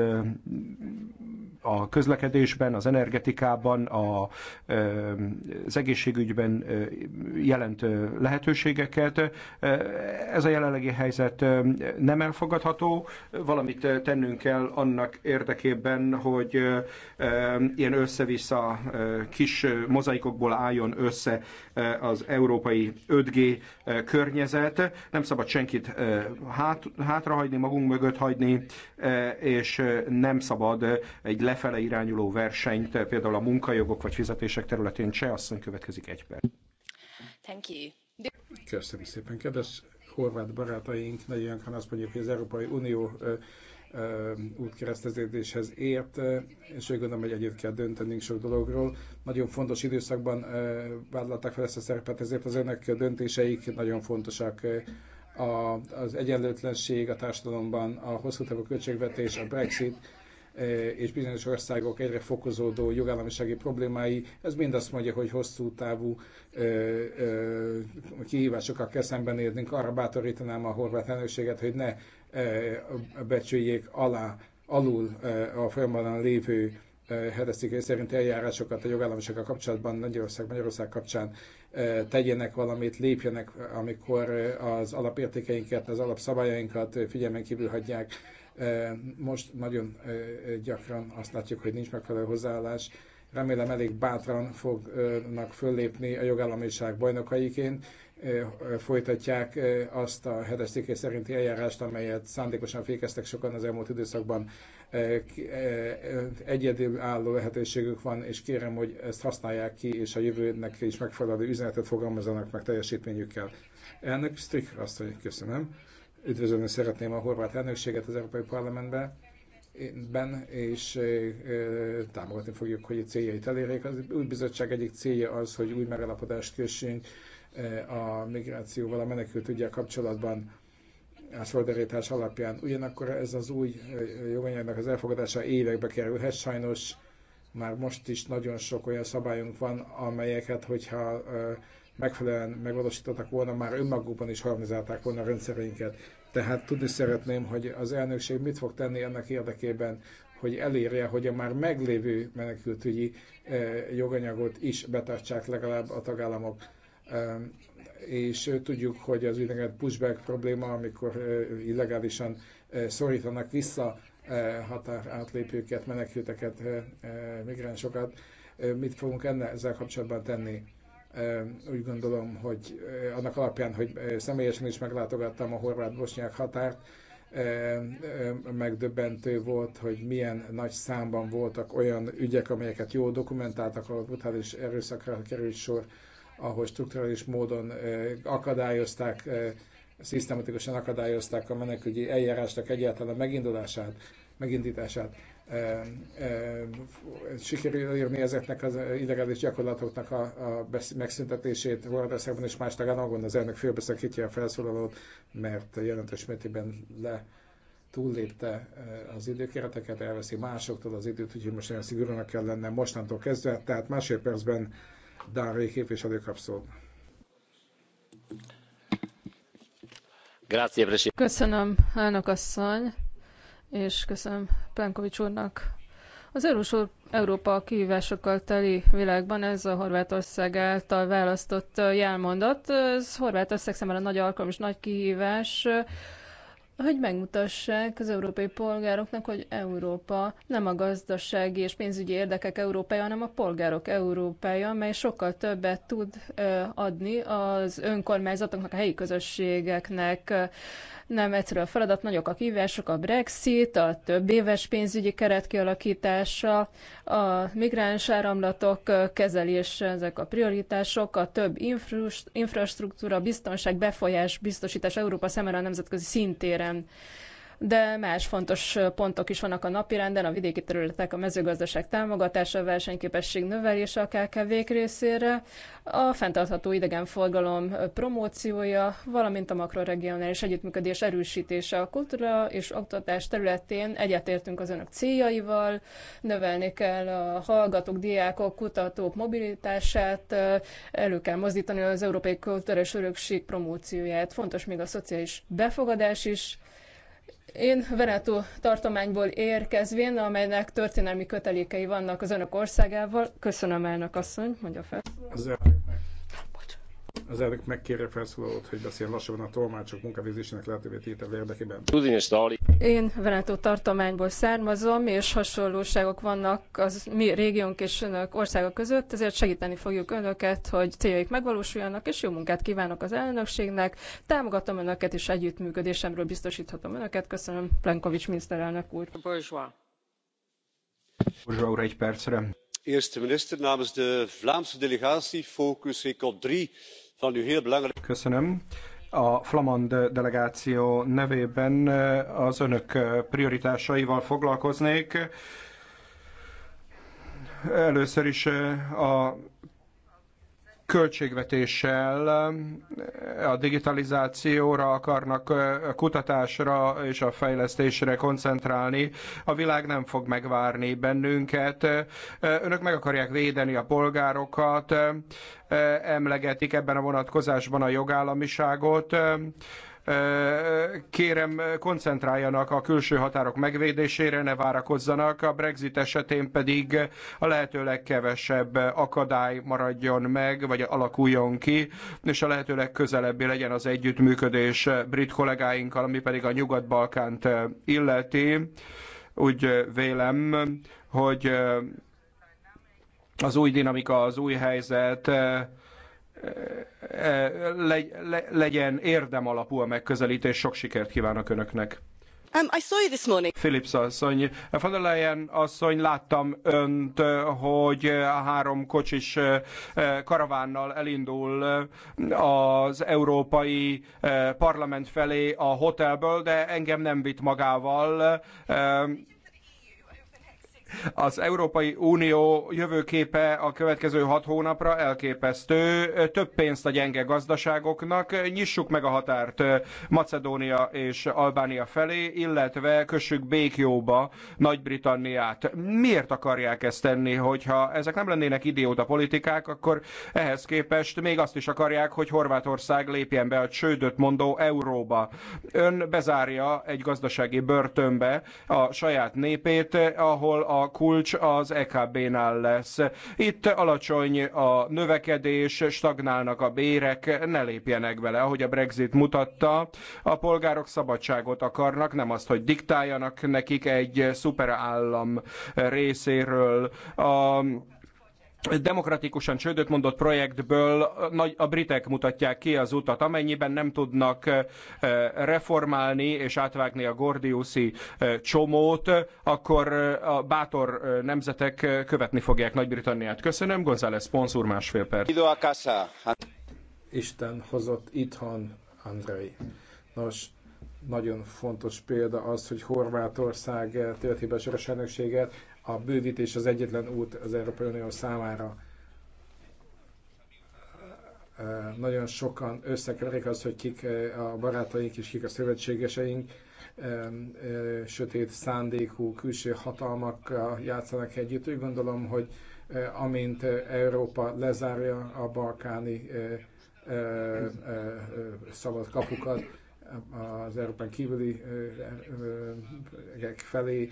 a közlekedésben, az energetikában, a, az egészségügyben jelent lehetőségeket. Ez a jelenlegi helyzet nem elfogadható, valamit tennünk kell annak érdekében, hogy ilyen össze-vissza kis mozaikokból álljon össze az európai 5G környezet. Nem szabad senkit hát, hátrahagyni, magunk mögött hagyni, és nem szabad egy lefele irányuló versenyt, például a munkajogok vagy fizetések területén cseh asszony következik egy perc. Thank you. Köszönöm szépen, kedves horvát barátaink, nagyon azt mondjuk, hogy az Európai Unió útkereszteződéshez ért, és úgy gondolom, hogy együtt kell döntenünk sok dologról. Nagyon fontos időszakban vállalták fel ezt a szerepet, ezért az önök döntéseik nagyon fontosak. az egyenlőtlenség a társadalomban, a hosszú távú költségvetés, a Brexit, E, és bizonyos országok egyre fokozódó jogállamisági problémái, ez mind azt mondja, hogy hosszú távú e, e, kihívásokkal kell szembenéznünk. Arra bátorítanám a horvát elnökséget, hogy ne becsüljék alá, alul a folyamatban lévő Hedesztikei szerint eljárásokat a jogállamisággal kapcsolatban Magyarország, Magyarország kapcsán tegyenek valamit, lépjenek, amikor az alapértékeinket, az alapszabályainkat figyelmen kívül hagyják. Most nagyon gyakran azt látjuk, hogy nincs megfelelő hozzáállás. Remélem elég bátran fognak föllépni a jogállamiság bajnokaiként, folytatják azt a hetes cikké szerinti eljárást, amelyet szándékosan fékeztek sokan az elmúlt időszakban. Egyedül álló lehetőségük van, és kérem, hogy ezt használják ki, és a jövőnek is megfelelő üzenetet fogalmazzanak meg teljesítményükkel. Elnök Strik, azt hogy köszönöm. Üdvözölni szeretném a horvát elnökséget az Európai Parlamentben ben, és támogatni fogjuk, hogy a céljait elérjék. Az új bizottság egyik célja az, hogy új megállapodást kössünk a migrációval, a menekült ügyel kapcsolatban a szolidaritás alapján. Ugyanakkor ez az új eh, joganyagnak az elfogadása évekbe kerülhet. Sajnos már most is nagyon sok olyan szabályunk van, amelyeket, hogyha eh, megfelelően megvalósítottak volna, már önmagukban is harmonizálták volna a rendszereinket. Tehát tudni szeretném, hogy az elnökség mit fog tenni ennek érdekében, hogy elérje, hogy a már meglévő menekültügyi eh, joganyagot is betartsák legalább a tagállamok és tudjuk, hogy az úgynevezett pushback probléma, amikor illegálisan szorítanak vissza határátlépőket, menekülteket, migránsokat. Mit fogunk enne, ezzel kapcsolatban tenni? Úgy gondolom, hogy annak alapján, hogy személyesen is meglátogattam a horvát-bosnyák határt, megdöbbentő volt, hogy milyen nagy számban voltak olyan ügyek, amelyeket jó dokumentáltak, ahol brutális erőszakra került sor, ahol strukturális módon eh, akadályozták, eh, szisztematikusan akadályozták a menekügyi eljárásnak egyáltalán megindulását, megindítását. Eh, sikerül írni ezeknek az idegális gyakorlatoknak a, a megszüntetését Horvátországban és más tagállamokban az elnök félbeszakítja a felszólalót, mert jelentős mértékben le túllépte az időkereteket, elveszi másoktól az időt, úgyhogy most olyan szigorúnak kell lennem mostantól kezdve, tehát másfél percben Dárai képviselő kap szót. Köszönöm, elnök asszony, és köszönöm Plenkovics úrnak. Az erős Európa kihívásokkal teli világban ez a Horvátország által választott jelmondat. Ez Horvátország számára nagy alkalom és nagy kihívás hogy megmutassák az európai polgároknak, hogy Európa nem a gazdasági és pénzügyi érdekek Európája, hanem a polgárok Európája, amely sokkal többet tud adni az önkormányzatoknak, a helyi közösségeknek, nem egyszerű a feladat, nagyok a kívások, a Brexit, a több éves pénzügyi keret kialakítása, a migráns áramlatok kezelése, ezek a prioritások, a több infrastruktúra, biztonság, befolyás, biztosítás Európa szemére a nemzetközi szintéren de más fontos pontok is vannak a napirenden, a vidéki területek, a mezőgazdaság támogatása, a versenyképesség növelése a kkv részére, a fenntartható idegenforgalom promóciója, valamint a makroregionális együttműködés erősítése a kultúra és oktatás területén egyetértünk az önök céljaival, növelni kell a hallgatók, diákok, kutatók mobilitását, elő kell mozdítani az európai és örökség promócióját. Fontos még a szociális befogadás is, én Veneto tartományból érkezvén, amelynek történelmi kötelékei vannak az önök országával. Köszönöm elnök asszony, mondja fel. Az elnök megkérje felszólalót, hogy beszél lassabban a tolmácsok munkavégzésének lehetővé tétele érdekében. Én Venetó tartományból származom, és hasonlóságok vannak az mi régiónk és önök országa között, ezért segíteni fogjuk önöket, hogy céljaik megvalósuljanak, és jó munkát kívánok az elnökségnek. Támogatom önöket, és együttműködésemről biztosíthatom önöket. Köszönöm, Plenkovics miniszterelnök úr. Bourgeois. Bourgeois egy percre. Eerste minister, namens de Vlaamse delegatie focus ik op drie Köszönöm. A flamand delegáció nevében eh, az önök eh, prioritásaival foglalkoznék. Először is eh, a költségvetéssel eh, a digitalizációra akarnak eh, a kutatásra és a fejlesztésre koncentrálni. A világ nem fog megvárni bennünket. Eh, önök meg akarják védeni a polgárokat, emlegetik ebben a vonatkozásban a jogállamiságot. Kérem, koncentráljanak a külső határok megvédésére, ne várakozzanak, a Brexit esetén pedig a lehető legkevesebb akadály maradjon meg, vagy alakuljon ki, és a lehető legközelebbi legyen az együttműködés brit kollégáinkkal, ami pedig a Nyugat-Balkánt illeti. Úgy vélem, hogy az új dinamika, az új helyzet le, le, legyen érdemalapú a megközelítés. Sok sikert kívánok Önöknek! Um, I saw you this morning. Philips asszony, von der Leyen asszony, láttam önt, hogy a három kocsis karavánnal elindul az Európai Parlament felé a hotelből, de engem nem vitt magával. Az Európai Unió jövőképe a következő hat hónapra elképesztő. Több pénzt a gyenge gazdaságoknak, nyissuk meg a határt Macedónia és Albánia felé, illetve kössük békjóba Nagy-Britanniát. Miért akarják ezt tenni, hogyha ezek nem lennének idióta politikák, akkor ehhez képest még azt is akarják, hogy Horvátország lépjen be a csődöt mondó euróba. Ön bezárja egy gazdasági börtönbe a saját népét, ahol a a kulcs az EKB-nál lesz. Itt alacsony a növekedés, stagnálnak a bérek, ne lépjenek bele, ahogy a Brexit mutatta. A polgárok szabadságot akarnak, nem azt, hogy diktáljanak nekik egy szuperállam részéről. A demokratikusan csődöt mondott projektből a britek mutatják ki az utat, amennyiben nem tudnak eh, eh, reformálni és átvágni a gordiuszi eh, csomót, akkor a bátor nemzetek követni fogják Nagy-Britanniát. Köszönöm, González Ponszúr másfél perc. Hát- Isten hozott itthon, Andrei. Nos, nagyon fontos példa az, hogy Horvátország tölti be soros elnökséget, a bővítés az egyetlen út az Európai Unió számára. Nagyon sokan összekeverik azt, hogy kik a barátaink és kik a szövetségeseink, sötét szándékú külső hatalmak játszanak együtt. Úgy gondolom, hogy amint Európa lezárja a balkáni szabad kapukat az Európán kívüli felé,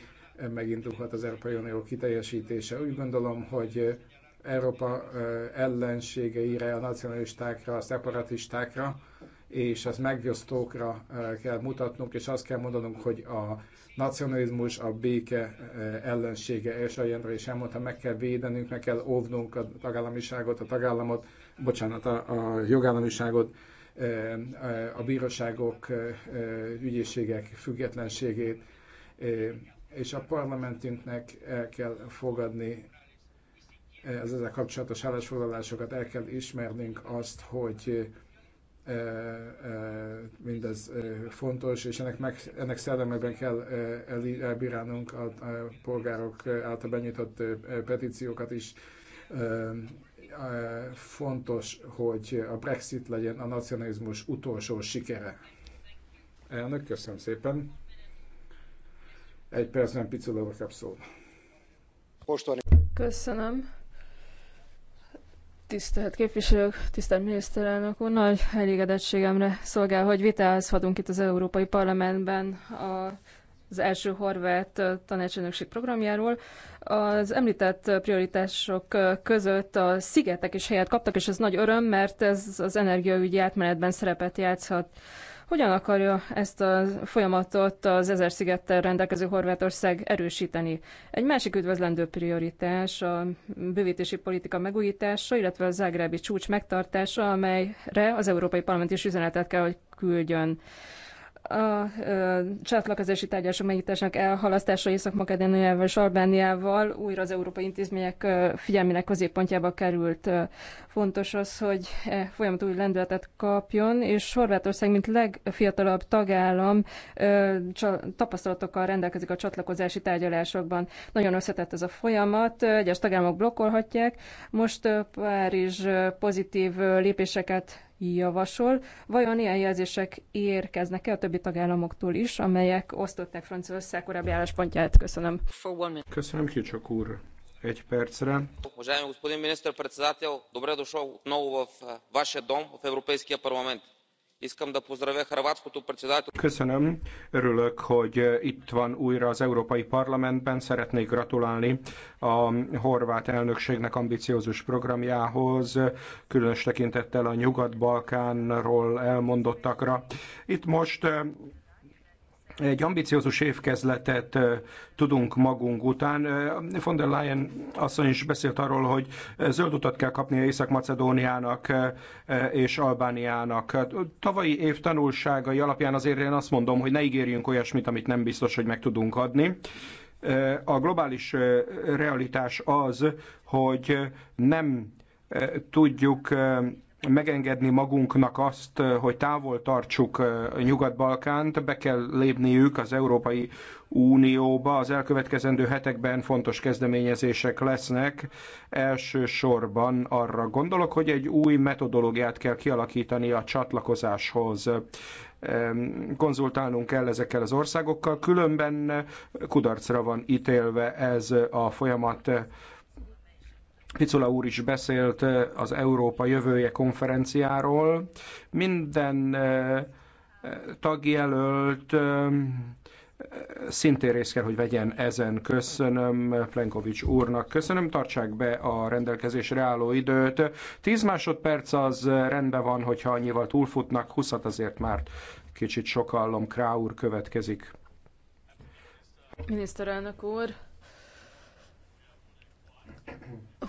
megindulhat az Európai Unió kiteljesítése. Úgy gondolom, hogy Európa ellenségeire, a nacionalistákra, a szeparatistákra és az megviosztókra kell mutatnunk, és azt kell mondanunk, hogy a nacionalizmus a béke ellensége, és a Jendre is elmondta, meg kell védenünk, meg kell óvnunk a tagállamiságot, a tagállamot, bocsánat, a, a jogállamiságot, a bíróságok, ügyészségek függetlenségét, és a parlamentünknek el kell fogadni az ezzel kapcsolatos állásfoglalásokat, el kell ismernünk azt, hogy mindez fontos, és ennek, meg, ennek szellemében kell elbírálnunk a, polgárok által benyújtott petíciókat is. Fontos, hogy a Brexit legyen a nacionalizmus utolsó sikere. Elnök, köszönöm szépen. Egy percben Picula úr kap szól. Köszönöm. Tisztelt képviselők, tisztelt miniszterelnök úr, nagy elégedettségemre szolgál, hogy vitázhatunk itt az Európai Parlamentben a az első horvát tanácsönökség programjáról. Az említett prioritások között a szigetek is helyet kaptak, és ez nagy öröm, mert ez az energiaügyi átmenetben szerepet játszhat. Hogyan akarja ezt a folyamatot az ezer szigettel rendelkező Horvátország erősíteni? Egy másik üdvözlendő prioritás a bővítési politika megújítása, illetve a zágrábi csúcs megtartása, amelyre az Európai Parlament is üzenetet kell, hogy küldjön a ö, csatlakozási tárgyalások megnyitásának elhalasztása Észak-Makedóniával és Albániával újra az európai intézmények figyelmének középpontjába került. fontos az, hogy e folyamat új lendületet kapjon, és Horvátország, mint legfiatalabb tagállam ö, tapasztalatokkal rendelkezik a csatlakozási tárgyalásokban. Nagyon összetett ez a folyamat, egyes tagállamok blokkolhatják. Most Párizs pozitív lépéseket javasol. Vajon ilyen jelzések érkeznek-e a többi tagállamoktól is, amelyek osztották Franciaország korábbi álláspontját? Köszönöm. Köszönöm, Kicsok úr. Egy percre. Уважаеми господин министър-председател, добре дошъл отново в вашия дом, в Европейския парламент. Köszönöm, örülök, hogy eh, itt van újra az Európai Parlamentben. Szeretnék gratulálni a horvát elnökségnek ambiciózus programjához, különös tekintettel a Nyugat-Balkánról elmondottakra. Itt most eh, egy ambiciózus évkezletet tudunk magunk után. Von der Leyen asszony is beszélt arról, hogy zöld utat kell kapnia Észak-Macedóniának és Albániának. Tavalyi év tanulságai alapján azért én azt mondom, hogy ne ígérjünk olyasmit, amit nem biztos, hogy meg tudunk adni. A globális realitás az, hogy nem tudjuk megengedni magunknak azt, hogy távol tartsuk Nyugat-Balkánt, be kell lépniük az Európai Unióba. Az elkövetkezendő hetekben fontos kezdeményezések lesznek. Elsősorban arra gondolok, hogy egy új metodológiát kell kialakítani a csatlakozáshoz konzultálnunk kell ezekkel az országokkal, különben kudarcra van ítélve ez a folyamat Picula úr is beszélt eh, az Európa jövője konferenciáról. Minden eh, eh, tagjelölt szintén részt kell, hogy vegyen ezen. Köszönöm Plenkovics úrnak. Köszönöm, tartsák be a rendelkezésre álló időt. 10 másodperc az rendben van, hogyha annyival túlfutnak, 20 azért már kicsit sokallom. Krá úr következik. Miniszterelnök úr,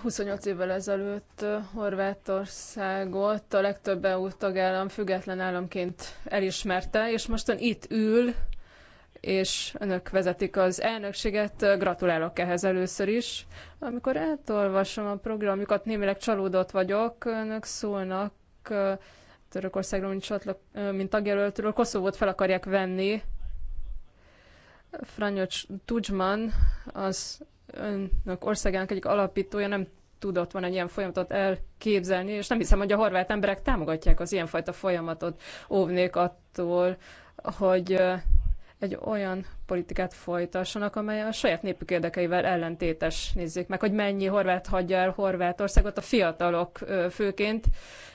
28 évvel ezelőtt Horvátországot a legtöbb EU tagállam független államként elismerte, és mostan itt ül, és önök vezetik az elnökséget. Gratulálok ehhez először is. Amikor eltolvasom a programjukat, némileg csalódott vagyok. Önök szólnak Törökországról, mint, csatlak, mint tagjelöltről. Koszovót fel akarják venni. Franjocs Tudjman, az önök országának egyik alapítója nem tudott van egy ilyen folyamatot elképzelni, és nem hiszem, hogy a horvát emberek támogatják az ilyenfajta folyamatot, óvnék attól, hogy egy olyan politikát folytassanak, amely a saját népük érdekeivel ellentétes. Nézzék meg, hogy mennyi horvát hagyja el Horvátországot, a fiatalok főként.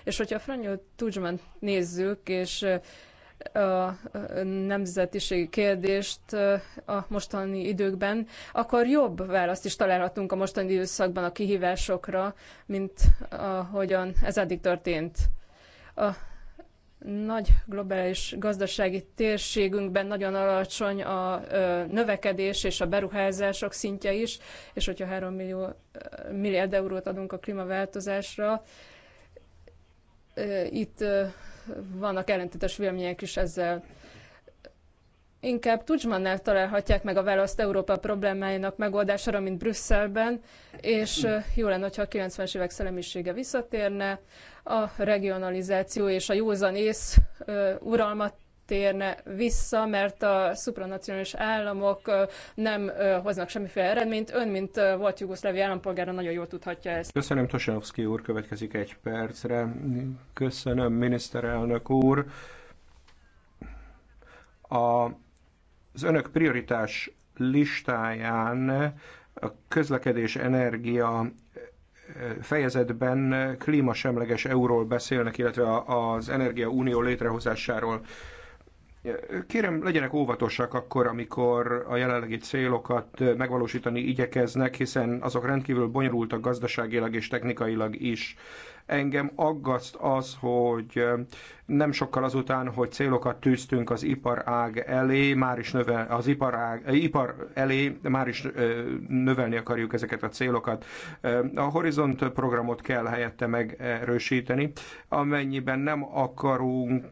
És hogyha Franjo Tudjman nézzük, és a nemzetiségi kérdést a mostani időkben, akkor jobb választ is találhatunk a mostani időszakban a kihívásokra, mint ahogyan ez eddig történt. A nagy globális gazdasági térségünkben nagyon alacsony a növekedés és a beruházások szintje is, és hogyha 3 millió, milliárd eurót adunk a klímaváltozásra, itt vannak ellentétes vélemények is ezzel. Inkább Tudzsmannál találhatják meg a választ Európa problémáinak megoldására, mint Brüsszelben, és jó lenne, ha a 90-es évek szellemisége visszatérne, a regionalizáció és a józan ész uralmat térne vissza, mert a szupranacionális államok nem hoznak semmiféle eredményt. Ön, mint volt jugoszlávi állampolgára, nagyon jól tudhatja ezt. Köszönöm, Tosanovszki úr, következik egy percre. Köszönöm, miniszterelnök úr. A, az önök prioritás listáján a közlekedés, energia, fejezetben klímasemleges euról beszélnek, illetve az Energia Unió létrehozásáról. Kérem, legyenek óvatosak akkor, amikor a jelenlegi célokat megvalósítani igyekeznek, hiszen azok rendkívül bonyolultak gazdaságilag és technikailag is. Engem aggaszt az, hogy nem sokkal azután, hogy célokat tűztünk az iparág elé, már is növel, az iparág, eh, ipar elé, már is eh, növelni akarjuk ezeket a célokat. Eh, a Horizont programot kell helyette megerősíteni, amennyiben nem akarunk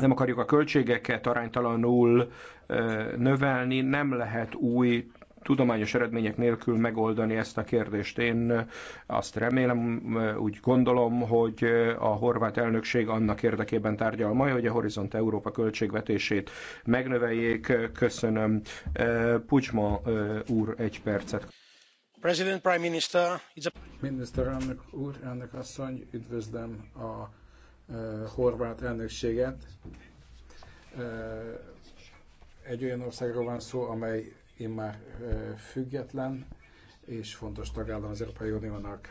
nem akarjuk a költségeket aránytalanul növelni, nem lehet új tudományos eredmények nélkül megoldani ezt a kérdést. Én azt remélem, úgy gondolom, hogy a horvát elnökség annak érdekében tárgyal majd, hogy a Horizont Európa költségvetését megnöveljék. Köszönöm. Pucsma úr, egy percet. President, Prime Minister, it's a... Miniszterelnök úr, elnök asszony, üdvözlöm a horvát elnökséget. Egy olyan országról van szó, amely immár független, és fontos tagállam az Európai Uniónak.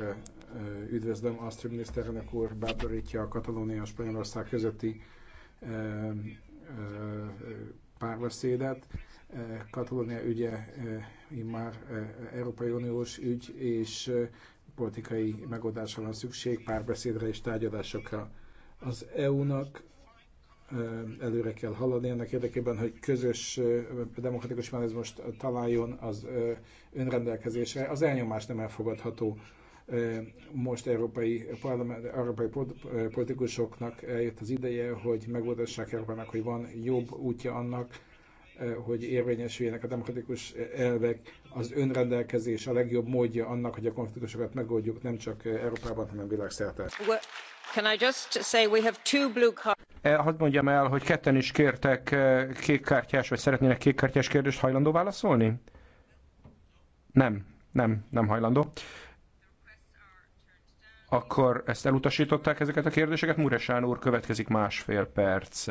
Üdvözlöm, azt miniszterelnök úr bátorítja a Katalónia és Spanyolország közötti párbeszédet. Katalónia ügye immár Európai Uniós ügy, és politikai megoldásra van szükség, párbeszédre és tárgyalásokra. Az EU-nak előre kell haladni ennek érdekében, hogy közös demokratikus mechanizmust találjon az önrendelkezésre. Az elnyomás nem elfogadható most európai, parlament, európai politikusoknak eljött az ideje, hogy megoldassák Európának, hogy van jobb útja annak, hogy érvényesüljenek a demokratikus elvek, az önrendelkezés a legjobb módja annak, hogy a konfliktusokat megoldjuk nem csak Európában, hanem világszerte. Hadd mondjam el, hogy ketten is kértek eh, kékkártyás, vagy szeretnének kékkártyás kérdést hajlandó válaszolni? Nem, nem, nem hajlandó. Akkor ezt elutasították ezeket a kérdéseket. Muresán úr, következik másfél perc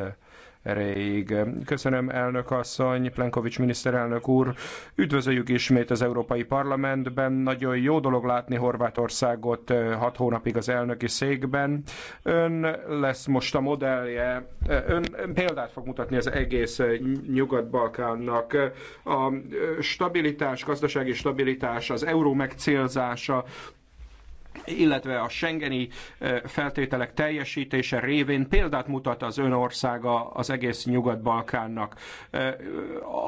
rég. Köszönöm, elnök asszony, Plenkovics miniszterelnök úr. Üdvözöljük ismét az Európai Parlamentben. Nagyon jó dolog látni Horvátországot eh, hat hónapig az elnöki székben. Ön lesz most a modellje, eh, ön példát fog mutatni az egész Nyugat-Balkánnak. A eh, stabilitás, gazdasági stabilitás, az euró megcélzása, illetve a Schengeni feltételek teljesítése révén példát mutat az ön országa az egész Nyugat-Balkánnak.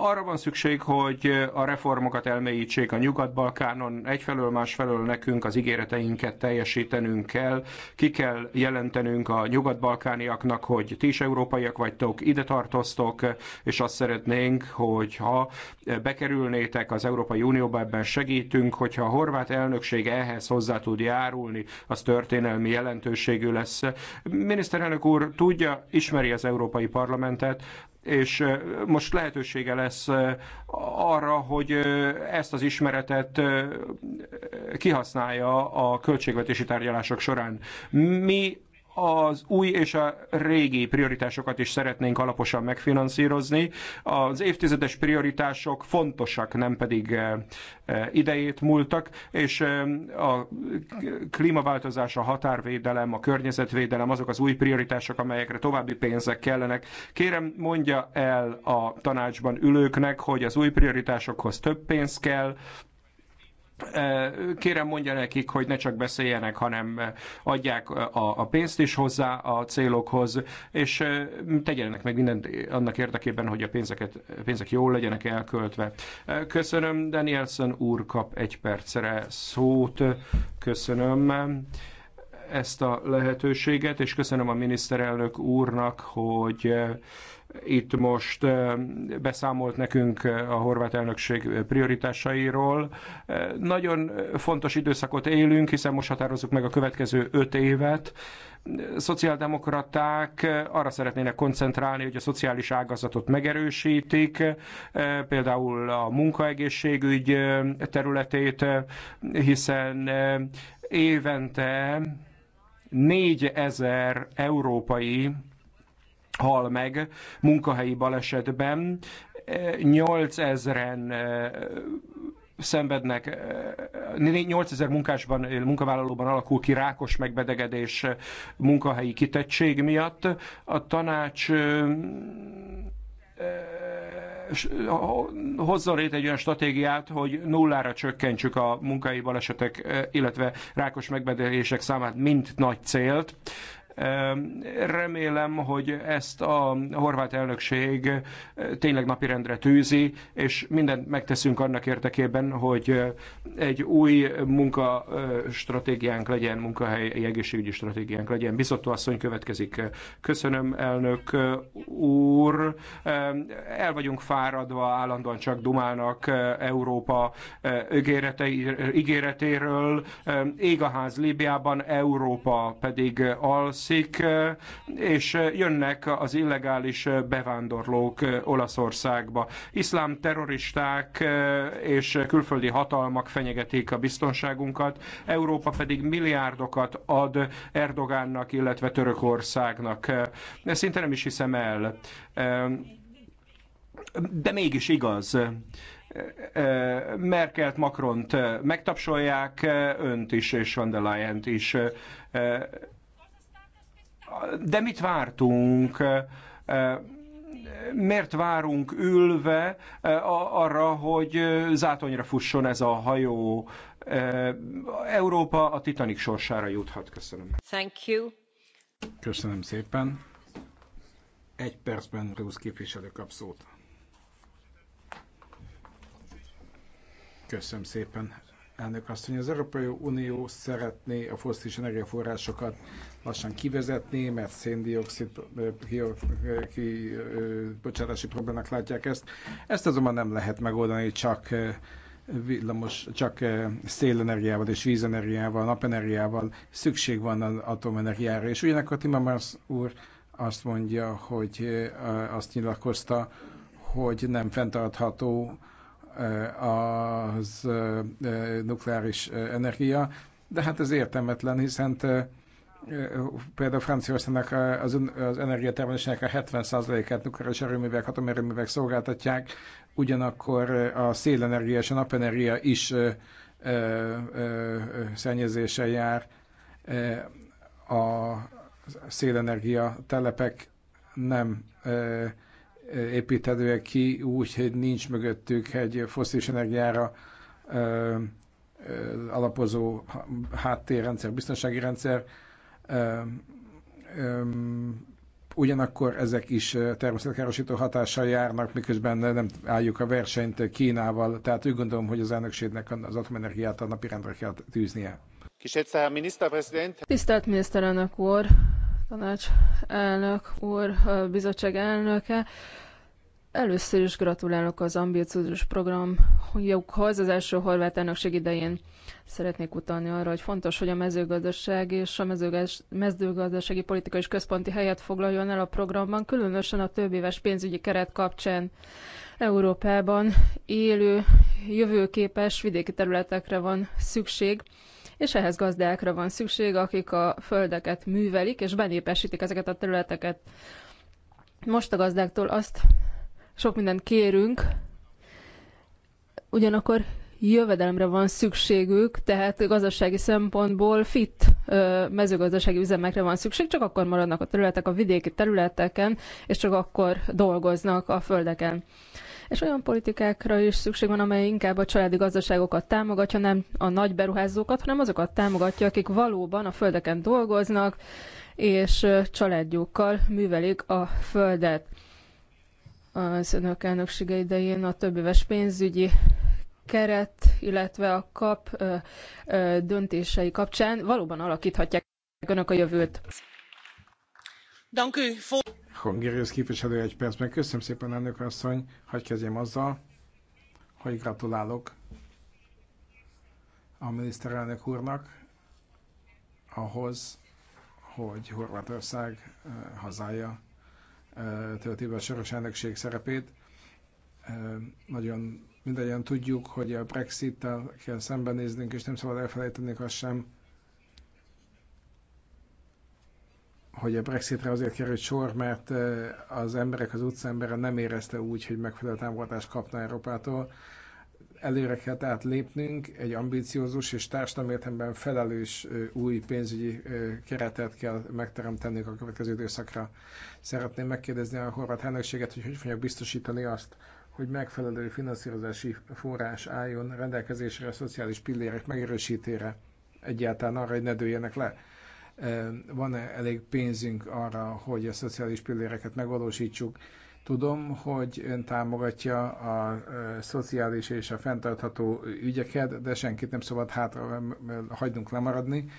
Arra van szükség, hogy a reformokat elmélyítsék a Nyugat-Balkánon, egyfelől másfelől nekünk az ígéreteinket teljesítenünk kell, ki kell jelentenünk a nyugat-balkániaknak, hogy ti is európaiak vagytok, ide tartoztok, és azt szeretnénk, hogyha bekerülnétek az Európai Unióba, ebben segítünk, hogyha a horvát elnökség ehhez hozzá tud járni, zárulni, az történelmi jelentőségű lesz. Miniszterelnök úr tudja, ismeri az Európai Parlamentet, és most lehetősége lesz arra, hogy ezt az ismeretet kihasználja a költségvetési tárgyalások során. Mi az új és a régi prioritásokat is szeretnénk alaposan megfinanszírozni. Az évtizedes prioritások fontosak, nem pedig eh, eh, idejét múltak, és eh, a klímaváltozás, a határvédelem, a környezetvédelem, azok az új prioritások, amelyekre további pénzek kellenek. Kérem, mondja el a tanácsban ülőknek, hogy az új prioritásokhoz több pénz kell, kérem mondja nekik, hogy ne csak beszéljenek, hanem adják a, pénzt is hozzá a célokhoz, és tegyenek meg mindent annak érdekében, hogy a pénzeket, pénzek jól legyenek elköltve. Köszönöm, Danielson úr kap egy percre szót. Köszönöm ezt a lehetőséget, és köszönöm a miniszterelnök úrnak, hogy itt most eh, beszámolt nekünk eh, a horvát elnökség prioritásairól. Eh, nagyon fontos időszakot élünk, hiszen most határozzuk meg a következő öt évet. Szociáldemokraták arra szeretnének koncentrálni, hogy a szociális ágazatot megerősítik, például a munkaegészségügy területét, hiszen évente 4000 európai hal meg munkahelyi balesetben. 8000-en eh, szenvednek, 8000 eh, munkásban, munkavállalóban alakul ki rákos megbedegedés eh, munkahelyi kitettség miatt. A tanács hozzon rét egy olyan stratégiát, hogy nullára csökkentsük a munkai balesetek, illetve rákos megbetegések számát, mint nagy célt. Remélem, hogy ezt a horvát elnökség eh, tényleg napirendre tűzi, és mindent megteszünk annak érdekében, hogy eh, egy új munkastratégiánk eh, legyen, munkahelyi egészségügyi stratégiánk legyen. Bizottó asszony következik. Köszönöm, elnök úr. El vagyunk fáradva, állandóan csak Dumának Európa ígéretéről. Ég a ház Líbiában, Európa pedig alsz veszik, és jönnek az illegális bevándorlók Olaszországba. Iszlám terroristák és külföldi hatalmak fenyegetik a biztonságunkat, Európa pedig milliárdokat ad Erdogánnak, illetve Törökországnak. Szinte nem is hiszem el. De mégis igaz. Merkelt, Macront megtapsolják, önt is és van der Leyen-t is. De mit vártunk? miért várunk ülve arra, hogy zátonyra fusson ez a hajó? Európa a Titanic sorsára juthat. Köszönöm. Thank you. Köszönöm szépen. Egy percben Rúz képviselő kap szót. Köszönöm szépen, elnök asszony. Az Európai Unió szeretné a fosztis energiaforrásokat lassan kivezetni, mert széndiokszid kibocsátási problémák látják ezt. Ezt azonban nem lehet megoldani csak villamos, csak szélenergiával és vízenergiával, napenergiával szükség van az atomenergiára. És ugyanakkor Timmermans úr azt mondja, hogy azt nyilatkozta, hogy nem fenntartható Eh, az eh, nukleáris eh, energia, de hát ez értelmetlen, hiszen például Franciaországnak az, az energiatermelésének a 70%-át nukleáris erőművek, atomerőművek szolgáltatják, ugyanakkor a szélenergia és a napenergia is szennyezése jár. A szélenergia telepek nem ö, építhetőek ki úgy, hogy nincs mögöttük egy foszilis energiára alapozó háttérrendszer, biztonsági rendszer. Ugyanakkor ezek is természetkárosító hatással járnak, miközben nem álljuk a versenyt Kínával. Tehát úgy gondolom, hogy az elnökségnek az atomenergiát a napirendre kell tűznie. Tisztelt miniszterelnök úr! tanács elnök úr, a bizottság elnöke. Először is gratulálok az ambiciózus programjukhoz az első horvát elnökség idején. Szeretnék utalni arra, hogy fontos, hogy a mezőgazdaság és a mezőgazdasági politika is központi helyet foglaljon el a programban, különösen a több éves pénzügyi keret kapcsán. Európában élő, jövőképes vidéki területekre van szükség, és ehhez gazdákra van szükség, akik a földeket művelik, és benépesítik ezeket a területeket. Most a gazdáktól azt sok mindent kérünk, ugyanakkor jövedelemre van szükségük, tehát gazdasági szempontból fit mezőgazdasági üzemekre van szükség, csak akkor maradnak a területek a vidéki területeken, és csak akkor dolgoznak a földeken és olyan politikákra is szükség van, amely inkább a családi gazdaságokat támogatja, nem a nagy beruházókat, hanem azokat támogatja, akik valóban a földeken dolgoznak, és családjukkal művelik a földet. Az önök elnöksége idején a éves pénzügyi keret, illetve a kap döntései kapcsán valóban alakíthatják önök a jövőt. Hongerius képviselő egy percben. Köszönöm szépen, elnök asszony. Hogy kezdjem azzal, hogy gratulálok a miniszterelnök úrnak ahhoz, hogy Horvátország eh, hazája eh, tölti be a soros elnökség szerepét. Eh, nagyon mindannyian tudjuk, hogy a Brexit-tel kell szembenéznünk, és nem szabad elfelejtenünk azt sem, hogy a Brexitre azért került sor, mert az emberek, az utcaembere nem érezte úgy, hogy megfelelő támogatást kapna Európától. Előre kell tehát lépnünk, egy ambíciózus és társadalmi értelemben felelős új pénzügyi keretet kell megteremtenünk a következő időszakra. Szeretném megkérdezni a horvát elnökséget, hogy hogy fogja biztosítani azt, hogy megfelelő finanszírozási forrás álljon rendelkezésre a szociális pillérek megerősítére egyáltalán arra, hogy ne dőljenek le van-e elég pénzünk arra, hogy a szociális pilléreket megvalósítsuk. Tudom, hogy ön támogatja a szociális és a fenntartható ügyeket, de senkit nem szabad hátra hagynunk lemaradni.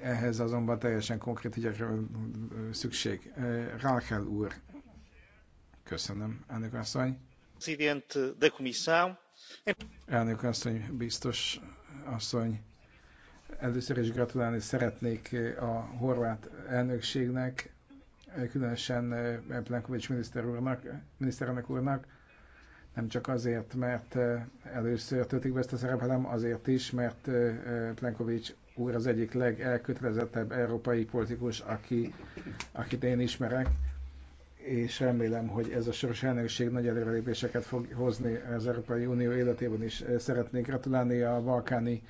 Ehhez azonban teljesen konkrét ügyekre szükség. Rákel úr. Köszönöm, elnök asszony. Elnök asszony, biztos asszony Először is gratulálni szeretnék eh, a horvát elnökségnek, eh, különösen eh, Plenkovics miniszter úrnak, miniszterelnök úrnak, nem csak azért, mert először töltik be ezt a szerepet, hanem azért is, mert Plenkovics úr az egyik legelkötelezettebb európai politikus, aki, akit én ismerek, és remélem, hogy ez a soros elnökség nagy előrelépéseket fog hozni az Európai Unió életében is. Szeretnék gratulálni a balkáni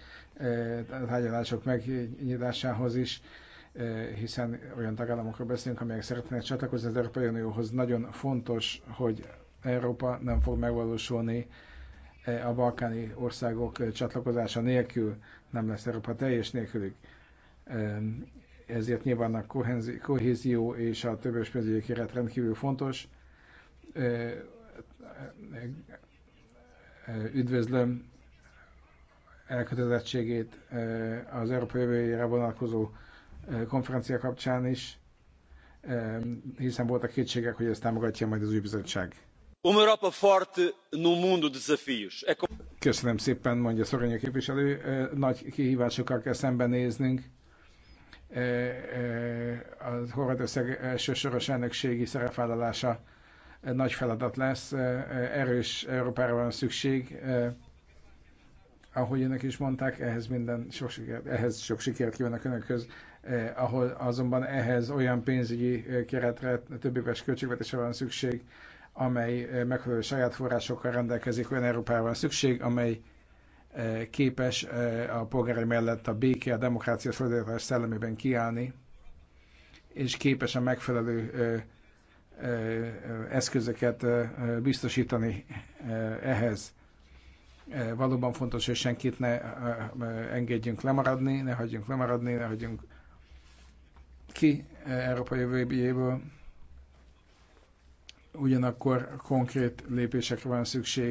tárgyalások megnyitásához is, hiszen olyan tagállamokról beszélünk, amelyek szeretnének csatlakozni az Európai Unióhoz. Nagyon fontos, hogy Európa nem fog megvalósulni a balkáni országok csatlakozása nélkül, nem lesz Európa teljes nélkülük. Ezért nyilván a kohézió és a többes pénzügyi keret rendkívül fontos. Üdvözlöm elkötelezettségét az Európai Jövőjére vonatkozó konferencia kapcsán is, hiszen voltak kétségek, hogy ezt támogatja majd az új bizottság. Uma Europa forte no mundo desafios. Köszönöm szépen, mondja Szorony képviselő. Nagy kihívásokkal kell szembenéznünk a Horvátország elsősoros elnökségi szerepvállalása nagy feladat lesz. Erős Európára van szükség, ahogy önök is mondták, ehhez minden sok sikert, ehhez sok sikert kívánok önökhöz, eh, ahol azonban ehhez olyan pénzügyi eh, keretre, több éves költségvetésre van szükség, amely eh, megfelelő saját forrásokkal rendelkezik, olyan Európára van szükség, amely eh, képes eh, a polgári mellett a béke, a demokrácia, a szolidaritás szellemében kiállni, és képes a megfelelő eh, eh eszközöket biztosítani ehhez. Eh, valóban fontos, hogy senkit ne eh, eh, engedjünk lemaradni, ne hagyjunk lemaradni, ne hagyjunk ki Európa jövőjéből. Ugyanakkor konkrét lépésekre van szükség